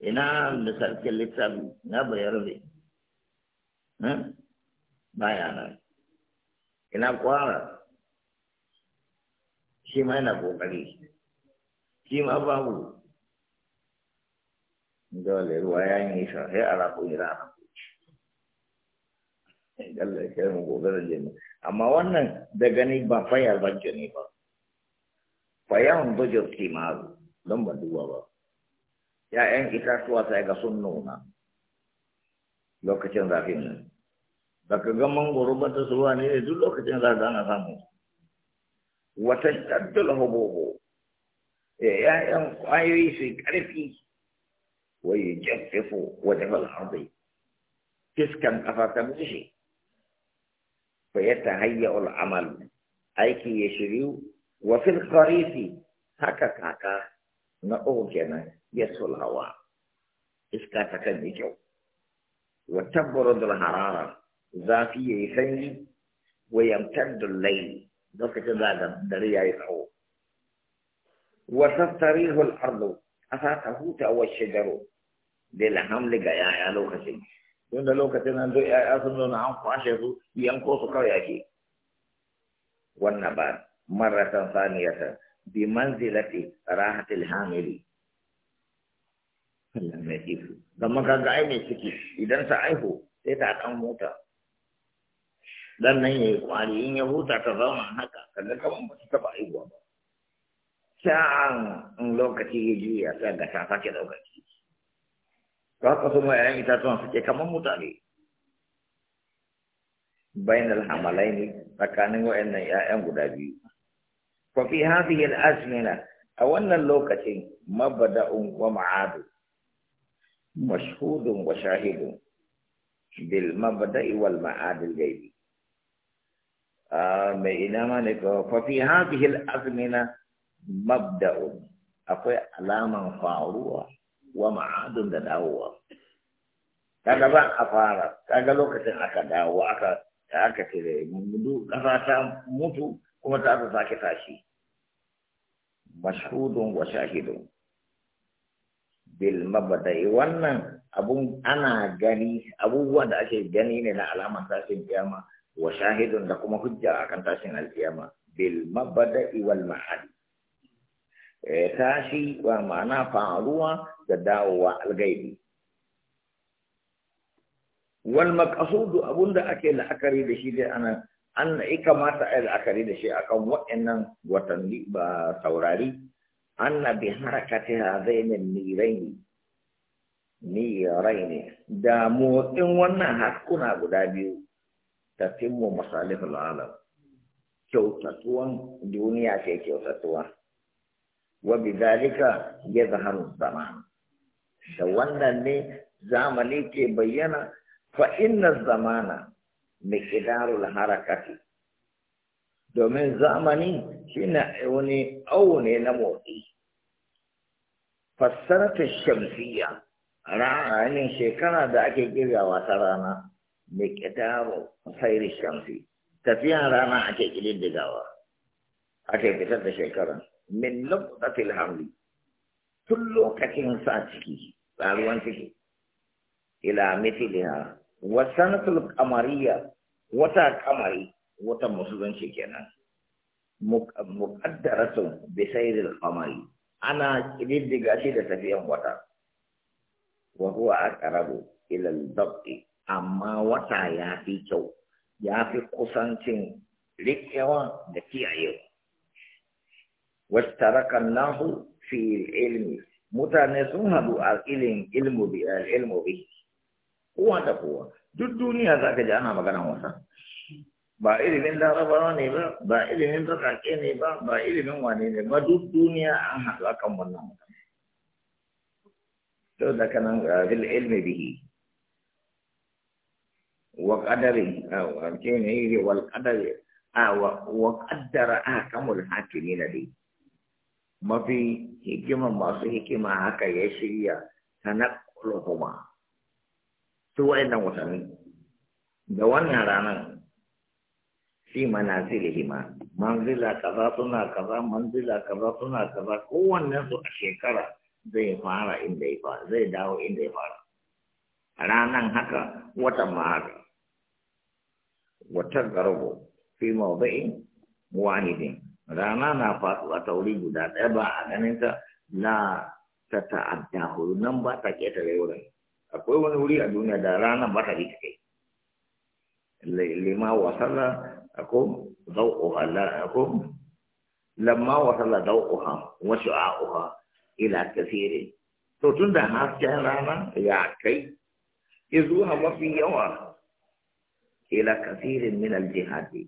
ina misalkin littafi na bayar bai hmm? baya nan ina kwara shi ma yana kokari shi ma babu dole ruwa ya yi nisa sai a rafu ira a Allah ya kai mu gobe da jini amma wannan da gani ba fayar ba jini ba fayan bujo kimaru don ba duba ba Ya ya'yan itatuwa sai ga sun nuna lokacin zafin nan baka ga mangoro ba ta ne duk lokacin za ana samu wata shaddul hububu ينقعي في كرفي ويجفف وجه الأرض تسكن قفا تمشي فيتهيأ العمل أي كي يشريو وفي الخريف هكا كاكا نأوجنا يسو الهواء إسكا تكنجو وتبرد الحرارة ذافية يفني ويمتد الليل دوكة ذا دريا يخوف وتستريح الأرض أساتهوت والشجر للحمل جايا يا لوكتين tunda lokacin an zo ya sun nuna an kwashe su ko su kawai ake wannan ba maratan saniyata bi manzilati rahatil hamili Allah mai ifu don maka ga ai mai ciki idan ta aihu sai ta kan mota dan nan yayi kwari in ya huta ta zama haka kaga kaman ba ta taba aihuwa ba can in lokaci ya juya sai da ka sake lokaci to haka su mai ita itatuwan suke kamar mutane bainal ne. tsakanin wa'annan 'ya'yan guda biyu fa fi hadhihi al-azmina a wannan lokacin mabda'un wa ma'adu mashhudun wa shahidun bil mabda'i wal ma'ad al ghaibi ah, mai ina ma ne fa fi hadhihi al-azmina mabda'un akwai alaman faruwa wa ma'adun da dawowa kaga ba a fara kaga lokacin aka dawo aka aka cire kasa ta mutu kuma ta aka sake tashi mashhudun wa shahidun bil mabda'i wannan abun ana gani abubuwan da ake gani ne na alaman tashin kiyama wa shahidun da kuma hujja akan tashin alkiyama bil mabda'i wal ma'adi Eh, tashi ba ma'ana faruwa da dawowa algaibi wal abun da ake la'akari da shi dai anan an na ika kamata a la'akari da shi akan waannan watanni ba saurari An na bi harakati hadaini niraini ne. da motsin wannan haskuna guda biyu ta tatimmu masalihul alam kyautatuwan duniya ke kyautatuwa wa bi ya zaharu zaman da wannan ne zamani ke bayyana fa zamana mai idaru laharakati domin zamani shi na wani aune na motsi fassarta shamsiya ra'ayin shekara da ake girgawa ta rana mai kidaro sairi shamsi tafiyan rana ake kilin digawa ake fitar da shekara min nubdatil hamli tun lokacin sa ciki ruwan ciki ila mithliha wa sanatul qamariyya wata kamari wata musulunci kenan muqaddaratun bi sayril qamari ana diddiga shi da tafiyan wata wa huwa aqrabu ila al amma wata ya fi kyau ya fi kusancin rikewa da kiyayewa wattarakan nahu fi ilmi mutane sun hadu a ilin ilmu bi ilmu bi kowa da kowa duk duniya za ka ji ana maganan wasa ba ilimin larabawa ne ba ba ilimin bakake ne ba ba ilimin wane ne ba duk duniya an hadu kan wannan mutum to da kanan bil ilmi bihi wa qadari ke ne wal qadari wa qaddara ahkamul na dai mafi hikiman masu hikima haka ya shirya ta na kulhuma su wa'annan watanni da wannan ranar fi hima manzila kaza suna kaza manzila kaza suna kaza kowannen su a shekara zai fara inda ya fara zai dawo inda ya fara ranan haka watan ma haka watan garbo fi Wani wanidin rana na faɗuwa ta wuri guda ɗaya ba a ganin ta na ta ta'adda huru nan ba ta ƙetare wurin akwai wani wuri a duniya da rana ba ta rike kai lima wasalla ako zau'uha la ako lamma wasalla zau'uha wa shu'a'uha ila kafirin to tun da hasken rana ya kai izuwa mafi yawa ila kafirin min al-jihadi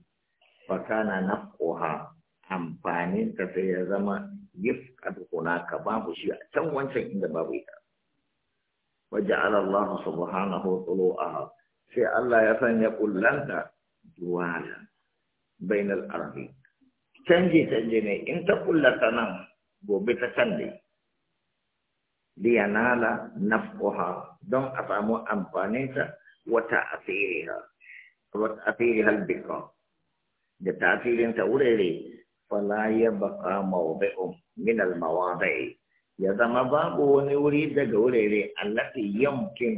fa kana nafquha amfanin ka sai ya zama yafqadu ka babu shi a can wancan inda babu ita waje Allah subhanahu tulu'aha sai Allah ya sanya kullanta duwala al ardi canje canje ne in ta kullata nan gobe ta canje liyanala nafkoha don a samu amfaninta wata asiriha wata asiriha da tasirinta wurare فلا يبقى موضع من المواضع يزم باب ونوري دغوري التي يمكن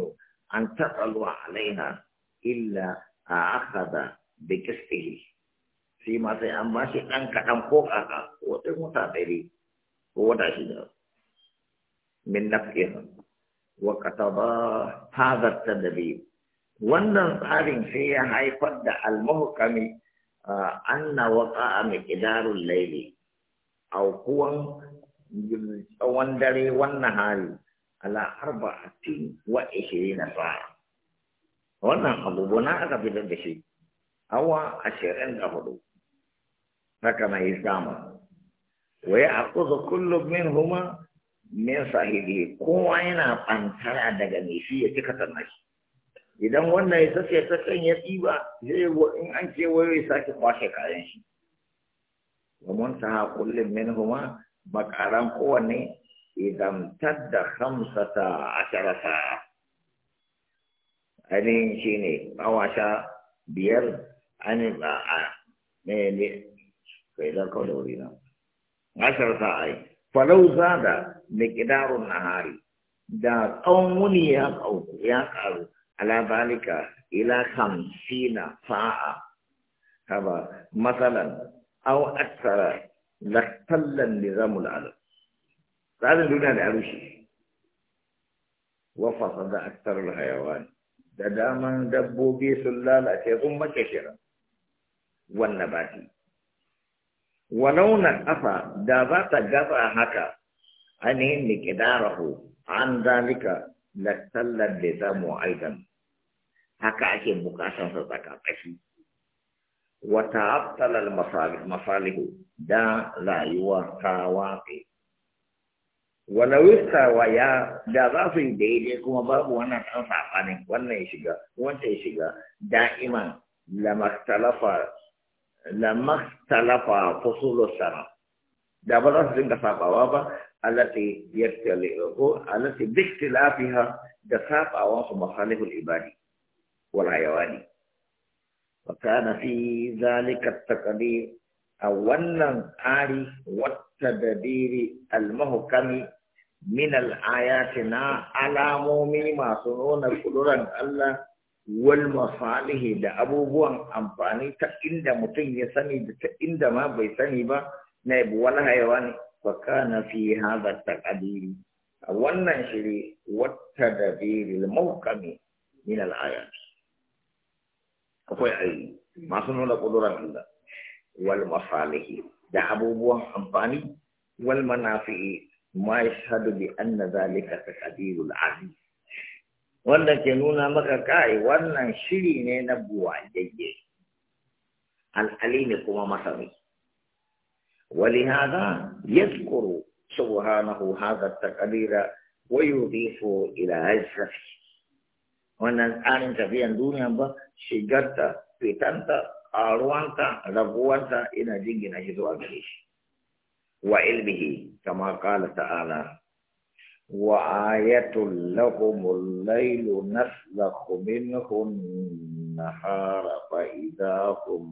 أن تطلع علينا إلا أخذ بكسبه في ما سي اما سي ان أمكوك فوقها وتمتابري هو داشي من نفسها وكتب هذا التدبير wannan صارين sai هاي فد da anna waqa'a miqdarul layli aw kuwan tsawon dare wannan hali. ala a arba'atin wa na sa'a wannan abubu na aka fitar da shi awa ashirin da hudu haka mai samun wa ya akuzu kullum min huma min sahibi kowa yana ɓantara daga mai shi ya cika sannan shi idan wannan ya sake ta kan ya ɗiba zai in an wai ya sake kwashe kayan shi domin ta kullum min huma makaran kowanne idan tadda hamsata asharata ainihin shi ne awa biyar ainihin ba a ne ne kai zan kawo da wuri nan asharata ai falau zada miqdarun nahari da tsawon wuni ya karu على ذلك إلى خمسين ساعة هذا مثلا أو أكثر لاختل النظام العالم هذا الدنيا العروشي وفصد أكثر الحيوان دداما دبوا بي سلالة ثم كشرا والنباتي ولون الأفا دابات جفا هكا أنهم كداره عن ذلك لاختل النظام أيضا haka ake bukatar sa tsakakashi wata abtalal masalihu da rayuwar ta wafe walawista wa ya da za daidai kuma babu wannan ɗan saɓanin wannan ya shiga wancan ya shiga da'iman lamaktalafa fusulu sana da ba za su dinga saɓawa ba alati yattali ko alati biktilafiha da saɓawansu masalihul ibadi والحيواني وكان في ذلك التقدير أولا آري والتدبير المحكم من الآيات نا على مومي ما سنون قدران الله والمصالح دا أبو بوان أمباني تا إندا متن يسني تا إندا ما بيسني با نيب ولا وكان في هذا التقدير أولا شري والتدبير المحكم من الآيات akwai ayi masu nuna ƙudurar Allah wal masalihi da abubuwan amfani wal manafi'i ma yashhadu bi anna zalika taqdirul aziz wanda ke nuna maka kai wannan shiri ne na buwayayye al'ali ne kuma masani ولهذا يذكر سبحانه هذا التقدير ويضيف إلى عزته wannan tsarin tafiyan duniya ba shigarta fitanta ƙaruwanta rabuwanta ina jingina shi zuwa gare shi wa ilmihi kama ƙala ta'ala وآية لهم الليل نسلخ منه النهار فإذا هم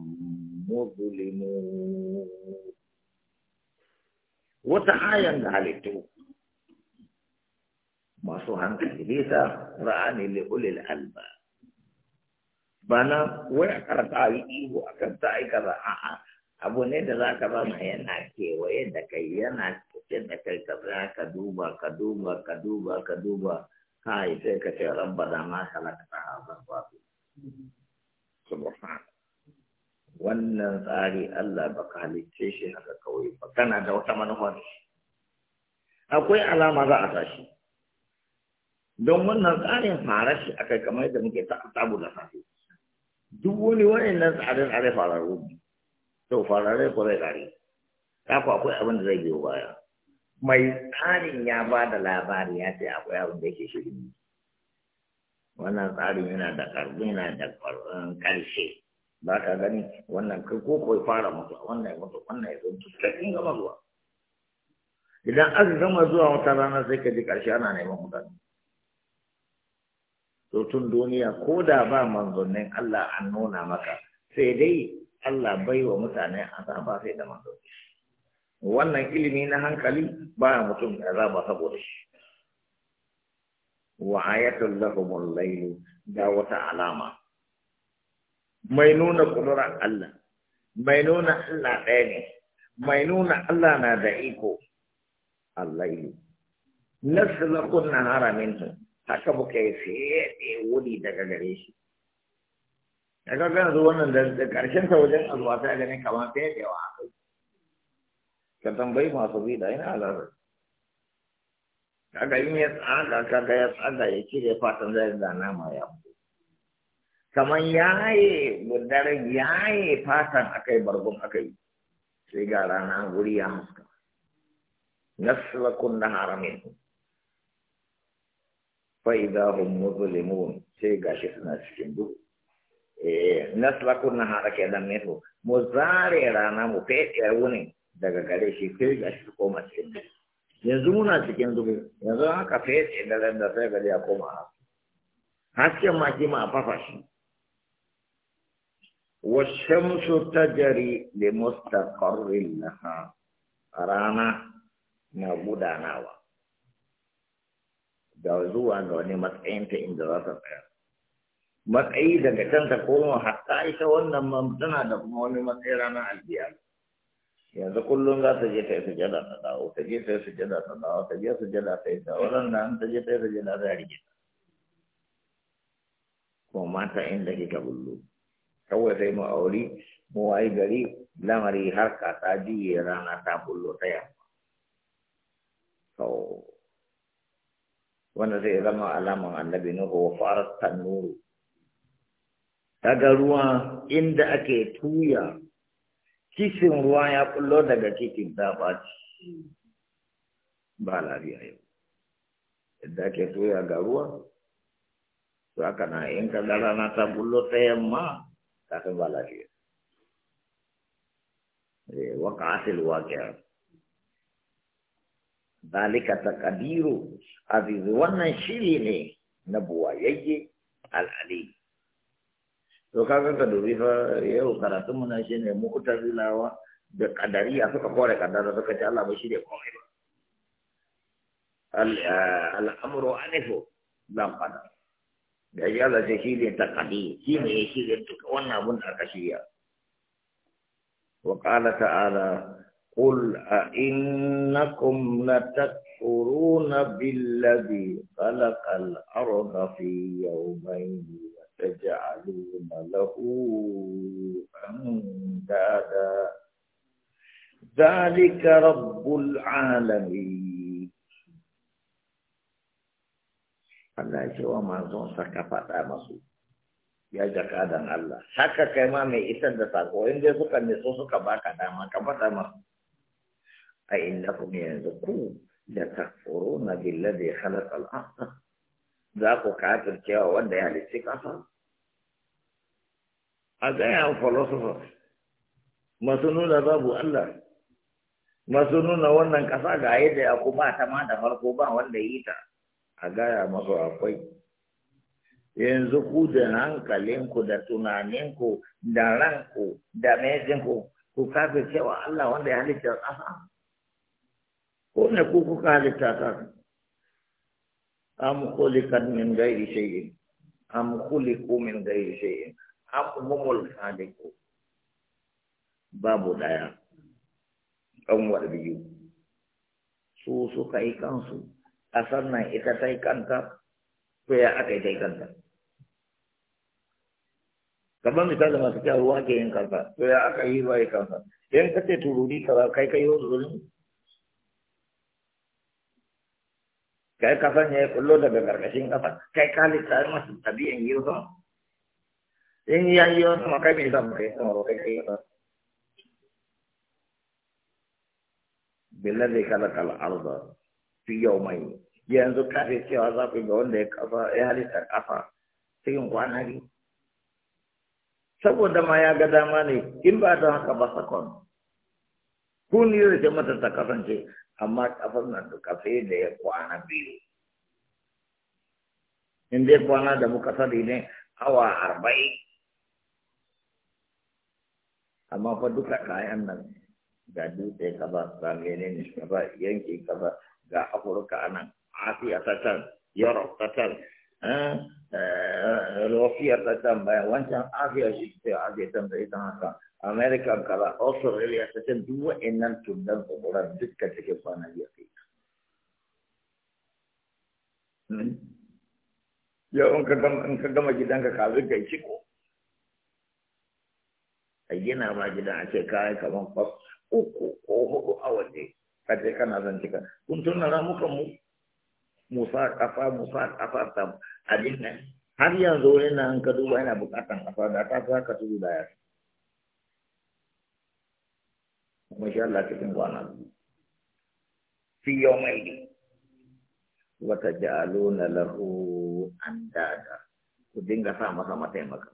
مظلمون وتحايا عليكم masu hankali nisa ra'ani li ulil alba bana wai karata yi ihu akan ta aika ba a'a abu ne da zaka ba ma yana kewaye da kai yana cikin da kai ka tsaya ka duba ka duba ka duba ka duba kai sai ka ce rabba da ma halakta hazan wafi subhan wannan tsari Allah baka halicce shi haka kawai ba kana da wata manufa akwai alama za a tashi don wannan tsarin fara shi aka kamar yadda muke tabu da safe duk wani nan tsare-tsare fararru ne to fararre ko zai tsare ta ku akwai abin da zai biyo baya mai tsarin ya ba da labari ya ce akwai abin da yake shirin wannan tsarin yana da karbi yana da karshe eh, ba ka gani wannan kai ko kai fara mutu wannan ya mutu wannan ya zo cikin gama zuwa idan aka gama zuwa wata rana sai ka ji karshe ana neman mutane tun duniya ko da ba manzonin Allah an nuna maka sai dai Allah bai wa mutane azaba sai da manzoni wannan ilimi na hankali ba mutum azaba saboda shi wa ayatul lahumul layl da wata alama mai nuna kudura Allah mai nuna Allah ɗaya ne mai nuna Allah na da iko Allah yi naslaqun kunna minhu haka muka yi fiye wuri daga gare shi da ga yanzu wannan da ƙarshen ta wajen azuwa ta ganin kamar fiye da yawa haka ka tambayi masu bi da ina alarar kaga in ya tsaga kaga ya tsaga ya cire fatan zai da nama ya fito kamar yaye gudarar yaye fatan akai bargon akai sai ga rana wuri ya haska naslakun na haramin فإذا هم مظلمون شيء قاشي سنة سكندو نسلك النهار Mu zare rana, mu مفيد يروني daga gare shi sai ga shi koma cikin yanzu muna cikin dubu yanzu haka fece da ran da sai gari ya koma haske hasken ma kima a fafa shi jari تجري لمستقر لها Rana na gudanawa da zuwa ga wani matsayinta inda za ta tsaya matsayi daga can ta koma hatta ita wannan tana da kuma wani matsayi ranar albiya yanzu kullum za ta je ta yi sujada ta dawo ta je ta yi sujada ta dawo ta je sujada ta yi dawo ran nan ta je ta yi sujada ta rike ko mata inda kika bullo kawai sai mu auri mu wayi gari lamari har ka ta juye rana ta bullo ta yamma wanda zai zama alaman annabi nuhu wa farat tanuru daga ruwa inda ake tuya kishin ruwa ya kullo daga kishin ta ɓaci ba lafiya yau yadda ake tuya ga ruwa to haka na in ka ga rana ta bullo ta yamma kafin ba Wa eh, waka asil waƙiyar zalika taqdiru aziz wannan shiri ne na buwayayye al'ali to kaga ka dubi fa yau karatun mu na shine mu'tazilawa da qadariya suka kore kadara suka ce Allah ba shi ne komai ba eh, Al'amuru anifu lam qadar da ya Allah ce shi ne taqdi shi ne shi ne duka wannan abun da aka shirya. wa qala ta'ala قل أئنكم لتكفرون بالذي خلق الأرض في يومين وتجعلون له أندادا ذلك رب العالمين Allah cewa manzon saka faɗa masu ya jakadan Allah saka kai ma mai isar da sako inda suka ne so suka baka dama ka faɗa masu ainihin yanzu ku da takfuru na da ya halakal asa za ku kafin cewa wanda ya halitti kasa a gayan philosophers masu nuna babu Allah masu nuna wannan kasa ga da ya kuma ta ma da farko ba wanda yi ta a gaya masu akwai yanzu ku da hankalinku da tunaninku da ranku da mejinku ku kafin cewa Allah wanda ya halitta kasa ko ne ku ka halitta ta am khuliqat min ghairi shay'in am khuliqu min ghairi shay'in am mumul khaliqu babu daya wa biyu su kai yi su asan nan ita ta yi kanta ko ya aka yi ta yi kanta kamar misali masu kyau ruwa ke yin kansa to ya aka yi ruwa yi kansa in ka ce tururi kaza kai kai yau zurin kai kasan ya kullo daga gargashin kasa kai ka littafi masu tabi'in yi wasu in ya yi kai kai kala kala alba fi yau mai yanzu kafe cewa za ku ga wanda ya kafa ya halitta kafa cikin kwana saboda ma ya ga dama ne in ba don haka ba sakon kun yi da mata ta kasance amma kafar nan duka sai da ya kwana biyu in dai kwana da muka sani ne awa arba'in amma fa duka kayan nan ga dutse kaza ga menene kaza yanki kaza ga afirka nan, asiya ta can europe ta can eh, eh, rufiya ta can bayan wancan asiya shi ce asiya can da ita haka really kaza Australia ta in nan to dan tsibiran dukkan take kwana ya kai ya in ka gama gidanka ka ka yi ko a gina ma gidan a ce kai kaman ko uku ko hudu a waje ka ce kana zan cika kun tuna ramukan mu musa kafa musa kafa ta a nan har yanzu wani na an ka duba yana bukatan kafa da ta ka tudu da yasa kuma sha Allah cikin kwana biyu fi yawmaini wa taj'aluna lahu andada ku dinga sa masa mataimaka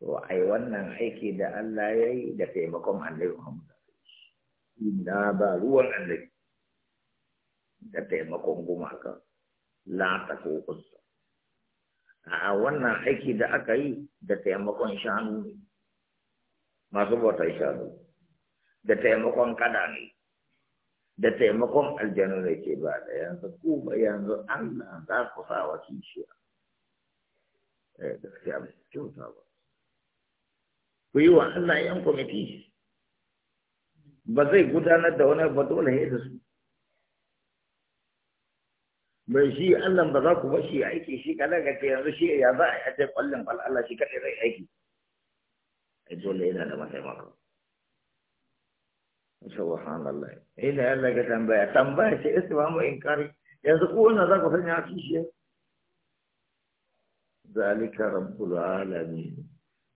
to ai wannan aiki da Allah ya yi da taimakon Annabi Muhammad inna ba ruwan Annabi da taimakon gumaka la ta ko kusa a wannan aiki da aka yi da taimakon shanu masu bautar shanu da taimakon kada ne da taimakon aljanu ne ke ba da yanzu ku ba yanzu Allah za ku sa wa kishiya eh gaskiya ba kyauta ba ku yi wa Allah yan kwamiti ba zai gudanar da wani ba dole ya da su bai shi Allah ba za ku ba shi aiki shi kadan ga ce yanzu shi ya za a yi kwallon kwallon Allah shi kadai zai aiki ai dole yana da mataimaka subhanallah ina Allah ga tambaya tambaya ce istimamu inkari yanzu ko wannan za ku sanya kishi zalika rabbul alamin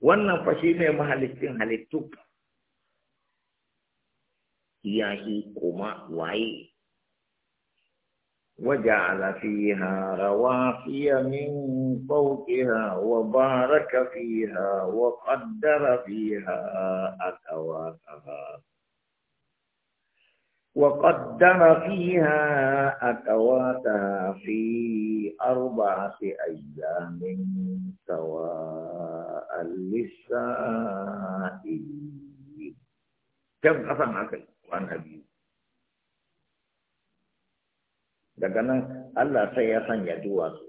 wannan fa shine mahalicin halittu yahi kuma waye وجعل فيها رواسي من فوقها وبارك فيها وقدر فيها أكواتها وقدم فيها أكواتها في أربعة أيام سواء للسائلين كم قسم عقل وأنا أبي دقنا الله سيسا يدوز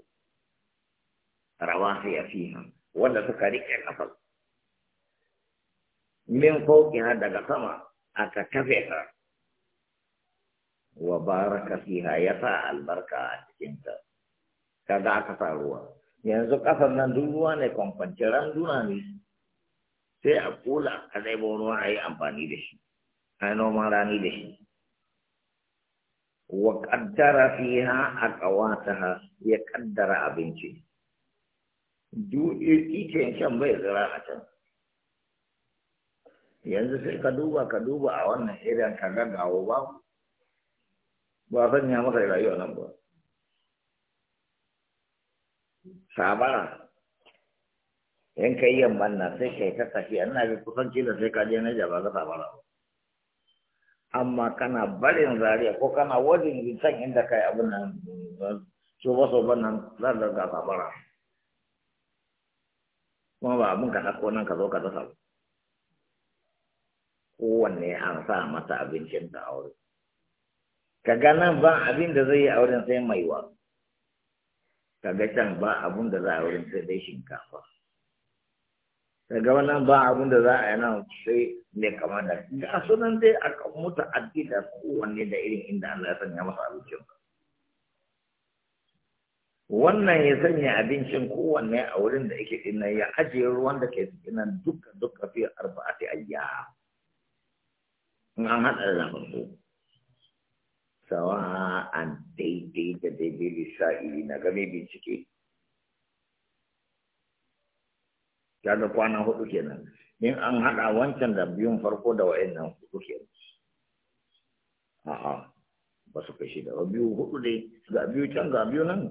رواحي فيها ولا تكاريك الأصل من فوقها دقا سما أتكفيها wa baraka fiha ya sa albarka a cikinta kaga aka sa ruwa yanzu kasar nan duk ruwa ne ran randuna ne sai a kula a ɗaibo ruwa a yi amfani da shi a yi noman rani da shi wa ƙaddara fiha a ƙawataha ya ƙaddara abinci duk ikin can bai zira a can yanzu sai ka duba ka duba a wannan irin ka gaggawo ba ba zan ya masa rayuwa nan ba sabara in kai yamman nan sai kai ta tafiya ina ga kusan kila sai ka je na jaba ga sabara amma kana barin zariya ko kana wajen can inda kai abin nan soba-soban nan za ka ga sabara kuma ba abin ka ɗauko nan ka zo ka dasa kowanne an sa masa abincin da aure kaga nan ba abin da zai yi a wurin sai maiwa kaga can ba abin da za a wurin sai dai shinkafa kaga wannan ba abin da za a yi nan sai ne kama da ga sunan dai a kan mutu addida kowanne da irin inda Allah ya sanya masa abincin wannan ya sanya abincin kowanne a wurin da yake dinna ya ajiye ruwan da ke cikin nan duka duka fi arba'ati ayya in an hada da farko sawa'an daidai da daidai lissa'i na game bincike kaga kwana hudu kenan in an hada wancan da biyun farko da wa'annan hudu kenan a'a ba su kashi da biyu hudu ne ga biyu can ga biyu nan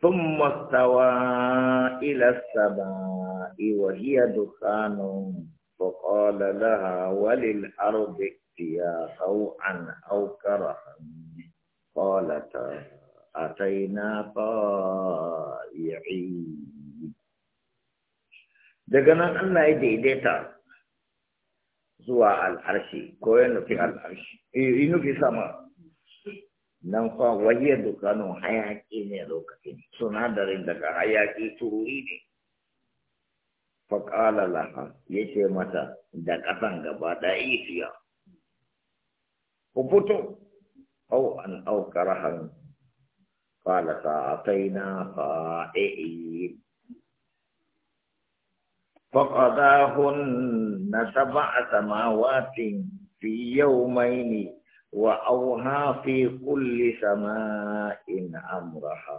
ثم استوى إلى ba. وهي دخان فقال لها وللأرض أوتيا طوعا أو كرها قالتا daga nan Allah ya daidaita zuwa al'arshi ko ya nufi al'arshi eh, yi nufi sama nan fa wajiyar dukkanin hayaki ne lokacin sunadarin daga hayaki tururi ne faƙala ya ce mata da ƙasan gaba ɗaya وبوتو او ان او auka قال فاعطينا sa'ataina فقضاهن سبع سماوات في يومين وأوها في كل سماء أمرها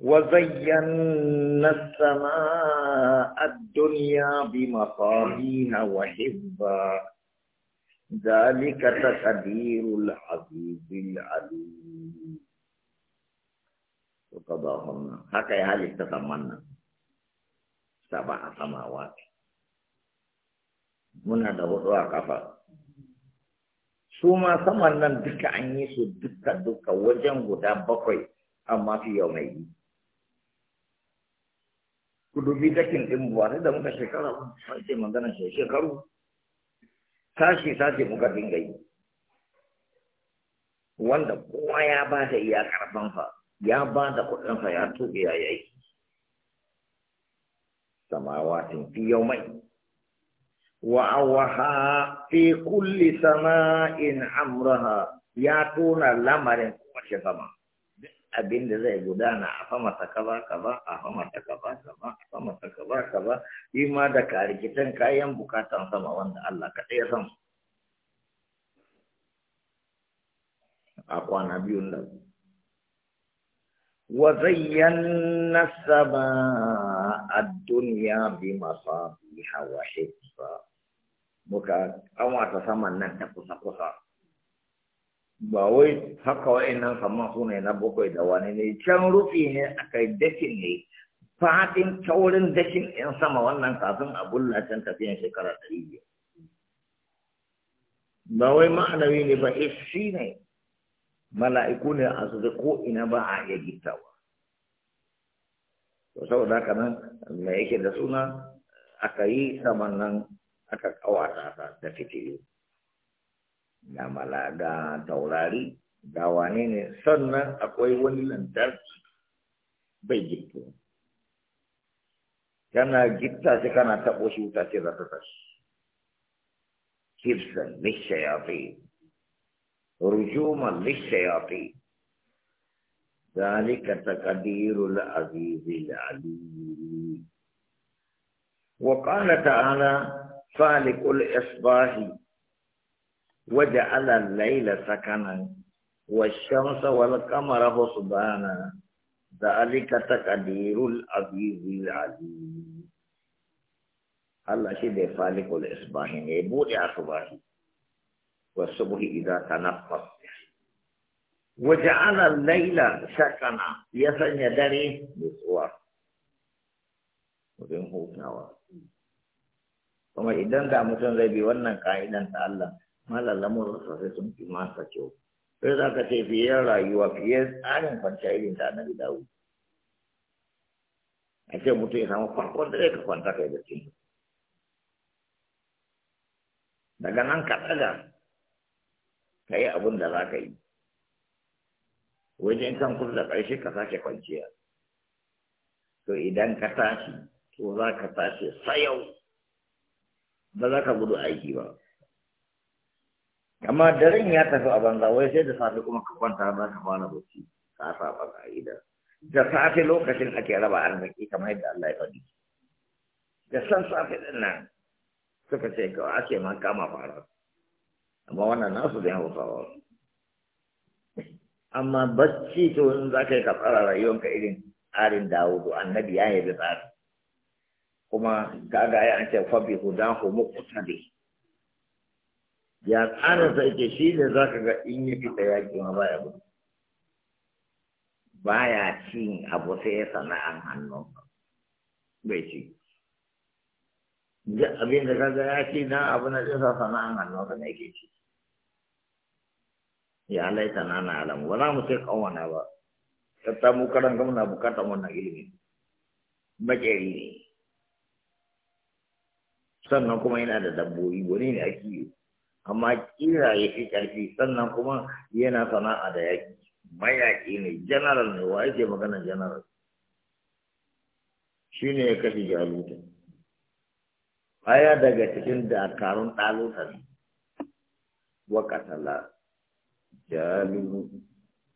وزينا السماء الدنيا بمصابيها وحفظا ذلك تقدير العزيز العليم وقضى هنا هكا يا هالي سبع سماوات من هذا هو كفا سوما سمانا دكا اني سو دكا دكا وجن غدا اما في يومي كدو بيتكين امواري دمك شكرا سيما دانا شكرا sashi sashi muka dinga yi wanda kowa ya ba da iya karfansa ya ba da kuɗinsa ya tuɓe ya yi aiki samawatin fi yau mai wa'awaha fi kulli sama'in amraha ya tona lamarin kowace sama abin da zai gudana a fama ta kaza kaza a fama ta kaza kaza a fama ta kaza kaza yi ma da karikitan kayan bukatan sama wanda Allah ka ya san a kwana da nan wa zayyana sama a duniya bi masabiha wa hifza muka kawata saman nan ta kusa kusa ba wai haka wa'annan kamar su ne na bakwai da wani ne can rufi ne aka yi dakin ne fatin taurin dakin yan sama wannan kafin a bulla can tafiyan shekara ɗari biyu ba wai ma'anawi ne ba eh, shi ne mala'iku ne a su ko ina ba a iya gittawa to saboda haka nan me yake da suna aka yi saman nan aka kawata ta da fitilu Na mala ga taurari ga wane ne sannan akwai wani lantarki bai gitto kana gitta ce, kana taɓo shi wuta ce za ta tashi kirsan lishayafi rujuman lishayafi ذلك تقدير العزيز العليم وقال تعالى فالق الإصباح waje ana laila tsakanin washen tsawon kamara hosu bana da alika ta kadirul abubuwa alibi Allah shi da ya fali kula isbahi ne bude a subahi wasu buhi idan ta nafas waje ana laila tsakanin ya sanya dare da tsuwa wurin hutawa kuma idan da mutum zai bi wannan ka'idan ta Allah malalamun sosai sun fi masa kyau sai za ka ce fiye rayuwa fiye tsarin ah, kwanciya irin ta annabi dawo a ce mutum ya samu farkon da ka kwanta kai da cin daga nan ka tsaga ka yi abin da za ka yi wajen kan kusa da ƙarshe ka sake kwanciya to idan ka tashi to za ka tashi sayau ba za ka gudu aiki ba amma daren ya tafi a banza wai sai da safe kuma ka kwanta ba ka kwana bacci ka saba ka'ida da safe lokacin ake raba arziki kamar yadda Allah ya faɗi da san safe din nan suka ce ka ake ma kama fara amma wannan nasu da hausawa amma bacci to in za ka yi ka tsara ka irin tsarin dawudu annabi ya yi da tsari kuma ga ga ya ce fabi hudan homo kusa dai ya tsarin sauke yake shi ne za ka ga in ya fita yaƙi ma baya gudu baya cin abu sai ya sana'an hannun bai ci abin da kaga ya ci na abu na ɗinsa sana'an hannun sa na yake ci ya laita na na alamu ba za mu ce kawana ba tatta mu karan na bukatan wannan ilimi makeri ne sannan kuma yana da dabbobi wani ne ake yi amma kira ya fi ƙarfi sannan kuma yana sana'a da yaƙi mayaƙi ne general ne wa yake magana general shi ne ya kashe jaluta aya daga cikin dakarun ɗaluta ne wa katala jalu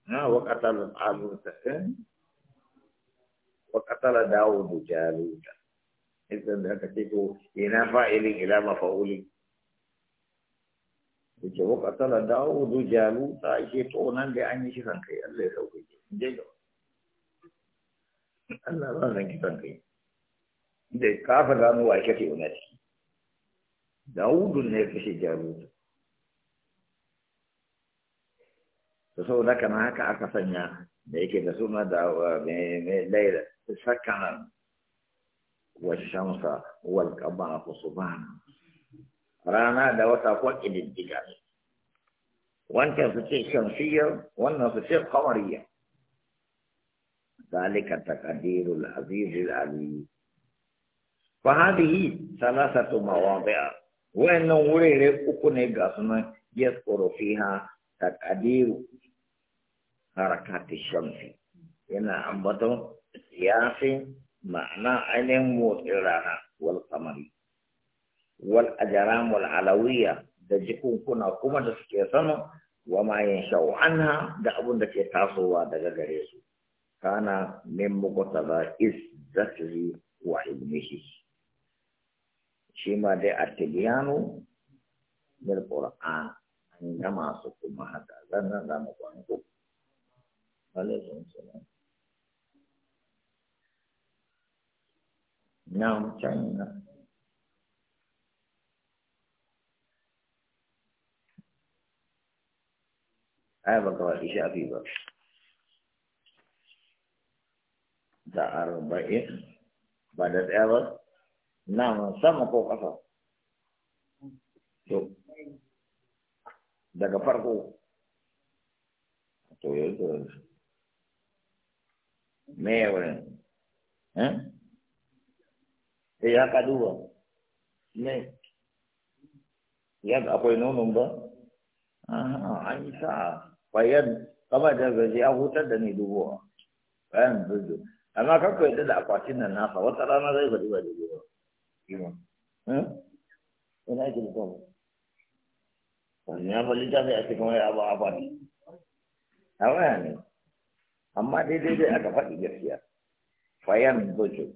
na wa katala ɗaluta eh? wa katala da jaluta isan da aka ce ko ina fa'ilin ila mafa'ulin yake waka tana dawo zu jalu ta ake tonan da an yi kan kai Allah ya sauke ki je ga Allah ba zan kisan kai da kafa gano wa kake shi ciki Dawudu ne shi jalu to sau da kana haka aka sanya da yake da suna da mai laila sakanan wa shamsa wal qamara subhana rana da wata ko ƙididdiga ne wancan su ce shamsiyya wannan su ce kamariyya ذلك تقدير العزيز العليم فهذه ثلاثة مواضع وإن ورير أكون قاسم يذكر فيها تقدير حركات الشمس هنا أنبت سياسي معنى عين موترانا والقمري wal wal da jikunkuna kuma da suke sama wa ma shau anha da abun da ke tasowa daga gare su kana min is zakri wa ilmihi shi ma dai at-tibyanu qur'an an gama su kuma haka zan nan za mu kwanko alaikum salam nam chaina ai ban kawai shafi ba da arba'in ba da tsaya ba na sama ko ƙasa to daga farko to yanzu me ya wurin eh, eh ya ka duba me ya akwai nonon ba an yi sa'a bayan kama da gaji ya hutar da ni dubowa bayan zuzu amma kan ku yadda da akwatin nan nasa wata rana zai faɗi ba daidai ba hmm? ina ake da wani ya faɗi ta a cikin wani abu a faɗi a waya ne amma daidai dai aka faɗi gaskiya bayan zuzu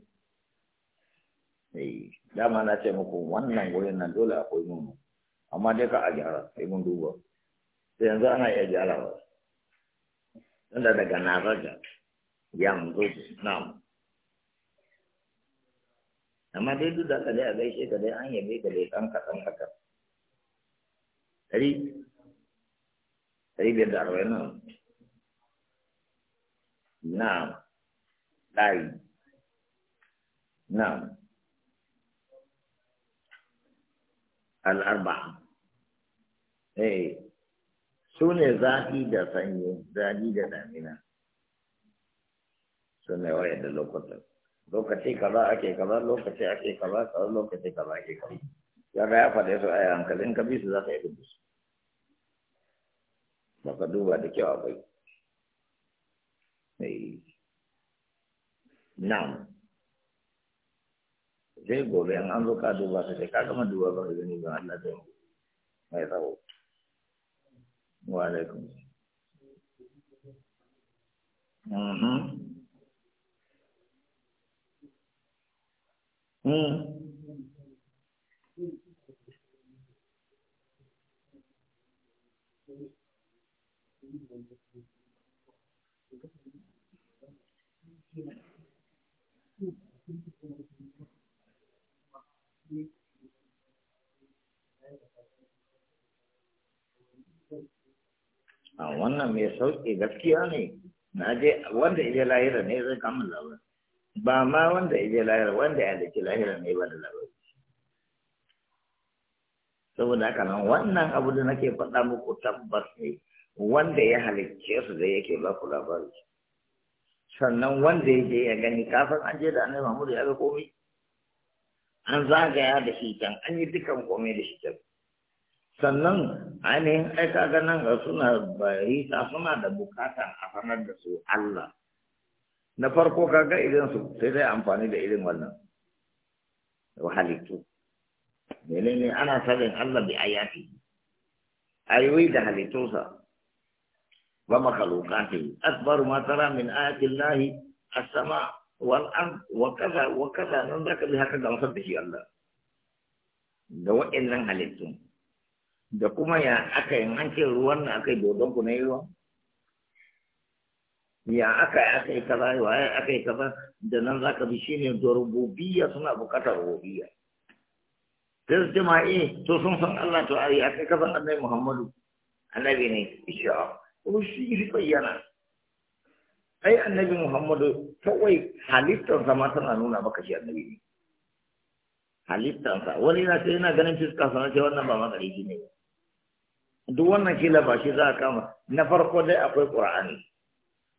eh, dama na ce muku wannan wurin nan dole akwai mun amma dai ka a gyara sai mun duba da yanzu ana iya gyarawa tunda daga na raja yanzu na amma dai duk da ka dai a gaishe ka dai an yabe ka dai ɗan kaɗan kaɗan ɗari ɗari biyar da arba'in nan na ɗari na al'arba'a eh su ne zafi da sanyi zafi da damina su ne waye da lokacin lokaci kaza ake kaza lokaci ake kaza kaza lokaci kaza ake kaza ya ga ya faɗe su a hankalin ka bi su za ka yi dubu su ba ka duba da kyau akwai na'am sai gobe an zo ka duba ka sai ka gama duba ba ka gani ba Allah zai mai tsawo wa alaikum Mm-hmm. Mm. Ah, wannan mai sauƙi gaskiya ne na je wanda ije lahira ne zai kama labar ba ma wanda ije lahira wanda ya dake lahira ne ba da labar saboda haka nan wannan abu da nake faɗa muku tabbas ne wanda ya halicce su da yake ba ku labar sannan wanda ya je ya gani kafin an je da annabi Muhammad ya ga komai an zagaya da shi can an yi dukan komai da shi can sannan ainihin ai kaga nan ga suna barisa suna da bukatan a sanar da su Allah na farko kaga idan su sai dai amfani da irin wannan halittu menene ana sanin Allah bi ayati ayoyi da halittunsa wa makhluqati akbar ma tara min ayati Allah as-sama wal ard wa kaza wa kaza nan zaka bi haka gamsar da shi Allah da wa'annan halittun da kuma ya aka yi hankin ruwan na aka yi dodon ku na yi ruwan ya aka yi aka yi kaza ya aka yi kaza da nan za ka bi shi ne rububiyya suna buƙatar rububiyya ta su jama'i eh, to sun san Allah to ari kai kaza annabi Muhammadu annabi ne isha ko shi yi bayyana ai annabi Muhammadu kawai halittar ma tana nuna maka shi annabi ne halittar sa wani na sai yana ganin fiska sana ce wannan ba matsari ne duk wannan kila ba shi za a kama na farko dai akwai ƙura'ani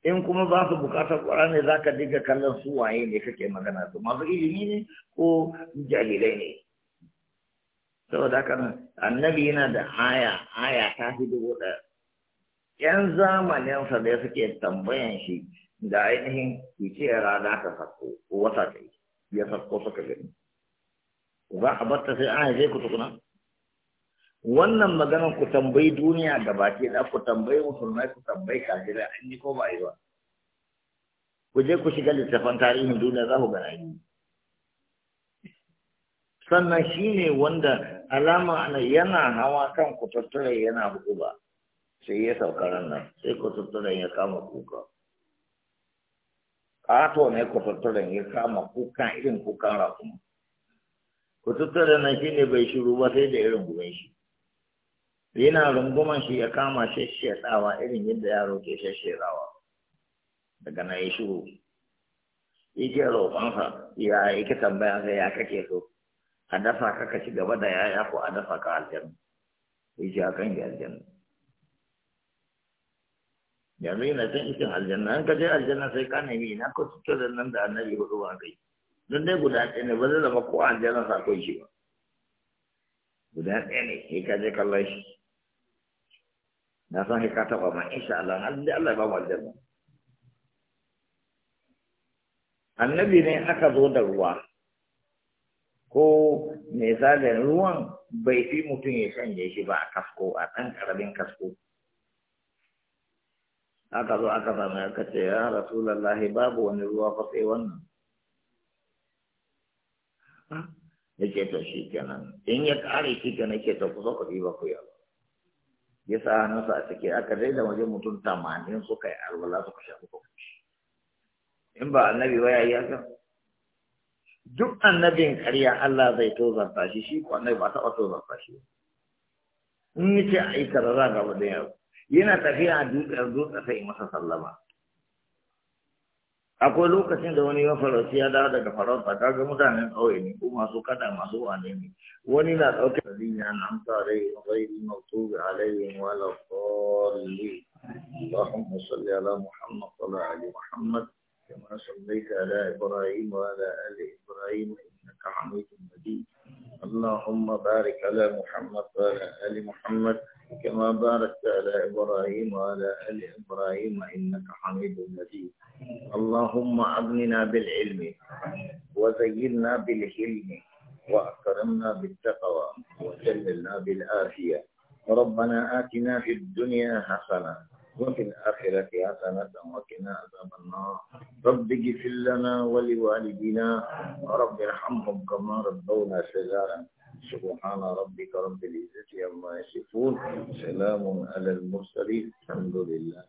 in kuma ba su buƙatar ƙura'ani za ka diga kallon su waye ne kake magana su masu ilimi ne ko jahilai ne saboda haka annabi yana da haya haya ta fi dubu ɗaya yan zamaninsa da suke tambayan shi da ainihin ce rana ta sako ko wata ta yi ya sako suka gani za a batta sai an haife ku tukuna wannan maganar ku tambayi duniya da baki da ku tambayi musulmai ku tambayi kafirai an yi ko ba yi ba ku je ku shiga littafan tarihin duniya za ku gana yi sannan shi ne wanda alama ana yana hawa kan ku tattara yana ba, sai ya sauka nan sai ku tattara ya kama kuka ƙato ne ku tattara ya kama kuka irin kukan rakuma ku tattara nan shi ne bai shiru ba sai da irin gumin shi yana runguman shi ya kama tsawa irin yadda yaro ke shesheɗawa daga na ya shigo ke roƙonsa ya yake tambaya sai ya kake so a dafa kaka ci gaba da yaya ko a dafa ka aljanna yake a kan aljanna yanzu yana can ikin aljanna an ka je aljanna sai ka nemi ina ko cikin da nan da annabi hudu ba kai don dai guda ɗaya ne ba zai zama ko aljanna sa ko shi ba guda ɗaya ne sai ka je kallon shi na san ka taba ma insha Allah har da Allah ba mu aljanna annabi ne aka zo da ruwa ko misalin ruwan bai fi mutum ya san shi ba a kasko a ɗan ƙaramin kasko aka zo aka zama aka kace ya rasulallahi babu wani ruwa fa sai wannan ya ce to shi kenan in ya ƙare shi kenan ke ta kusa kuɗi ba ku yawa ya sa hannunsa a ciki aka daida wajen mutum tamanin suka yi alwala suka sha uku in ba annabi ba ya yi haka duk annabin karya Allah zai tozarta shi shi ko annabi ba taɓa tozarta shi in ni ce a yi kaza ga wajen yaro yana tafiya a dutsen dutsen sai masa sallama akwai lokacin da wani ya farauci ya dawo daga farauta kaga mutanen ƙauye ne ko masu kada masu wane ne wani na ɗauke da zinya na amsa rai rai mautu alaihim wa la salli اللهم صل على محمد وعلى ال محمد كما صليت على ابراهيم وعلى ال ابراهيم انك حميد مجيد اللهم بارك على محمد وعلى ال محمد كما باركت على إبراهيم وعلى آل إبراهيم إنك حميد مجيد اللهم أغننا بالعلم وزينا بالحلم وأكرمنا بالتقوى وجللنا بالعافية ربنا آتنا في الدنيا حسنة وفي الآخرة حسنة وقنا عذاب النار رب اغفر لنا ولوالدينا ورب ارحمهم كما ربونا صغارا سبحان ربك رب العزة عما يصفون سلام على المرسلين الحمد لله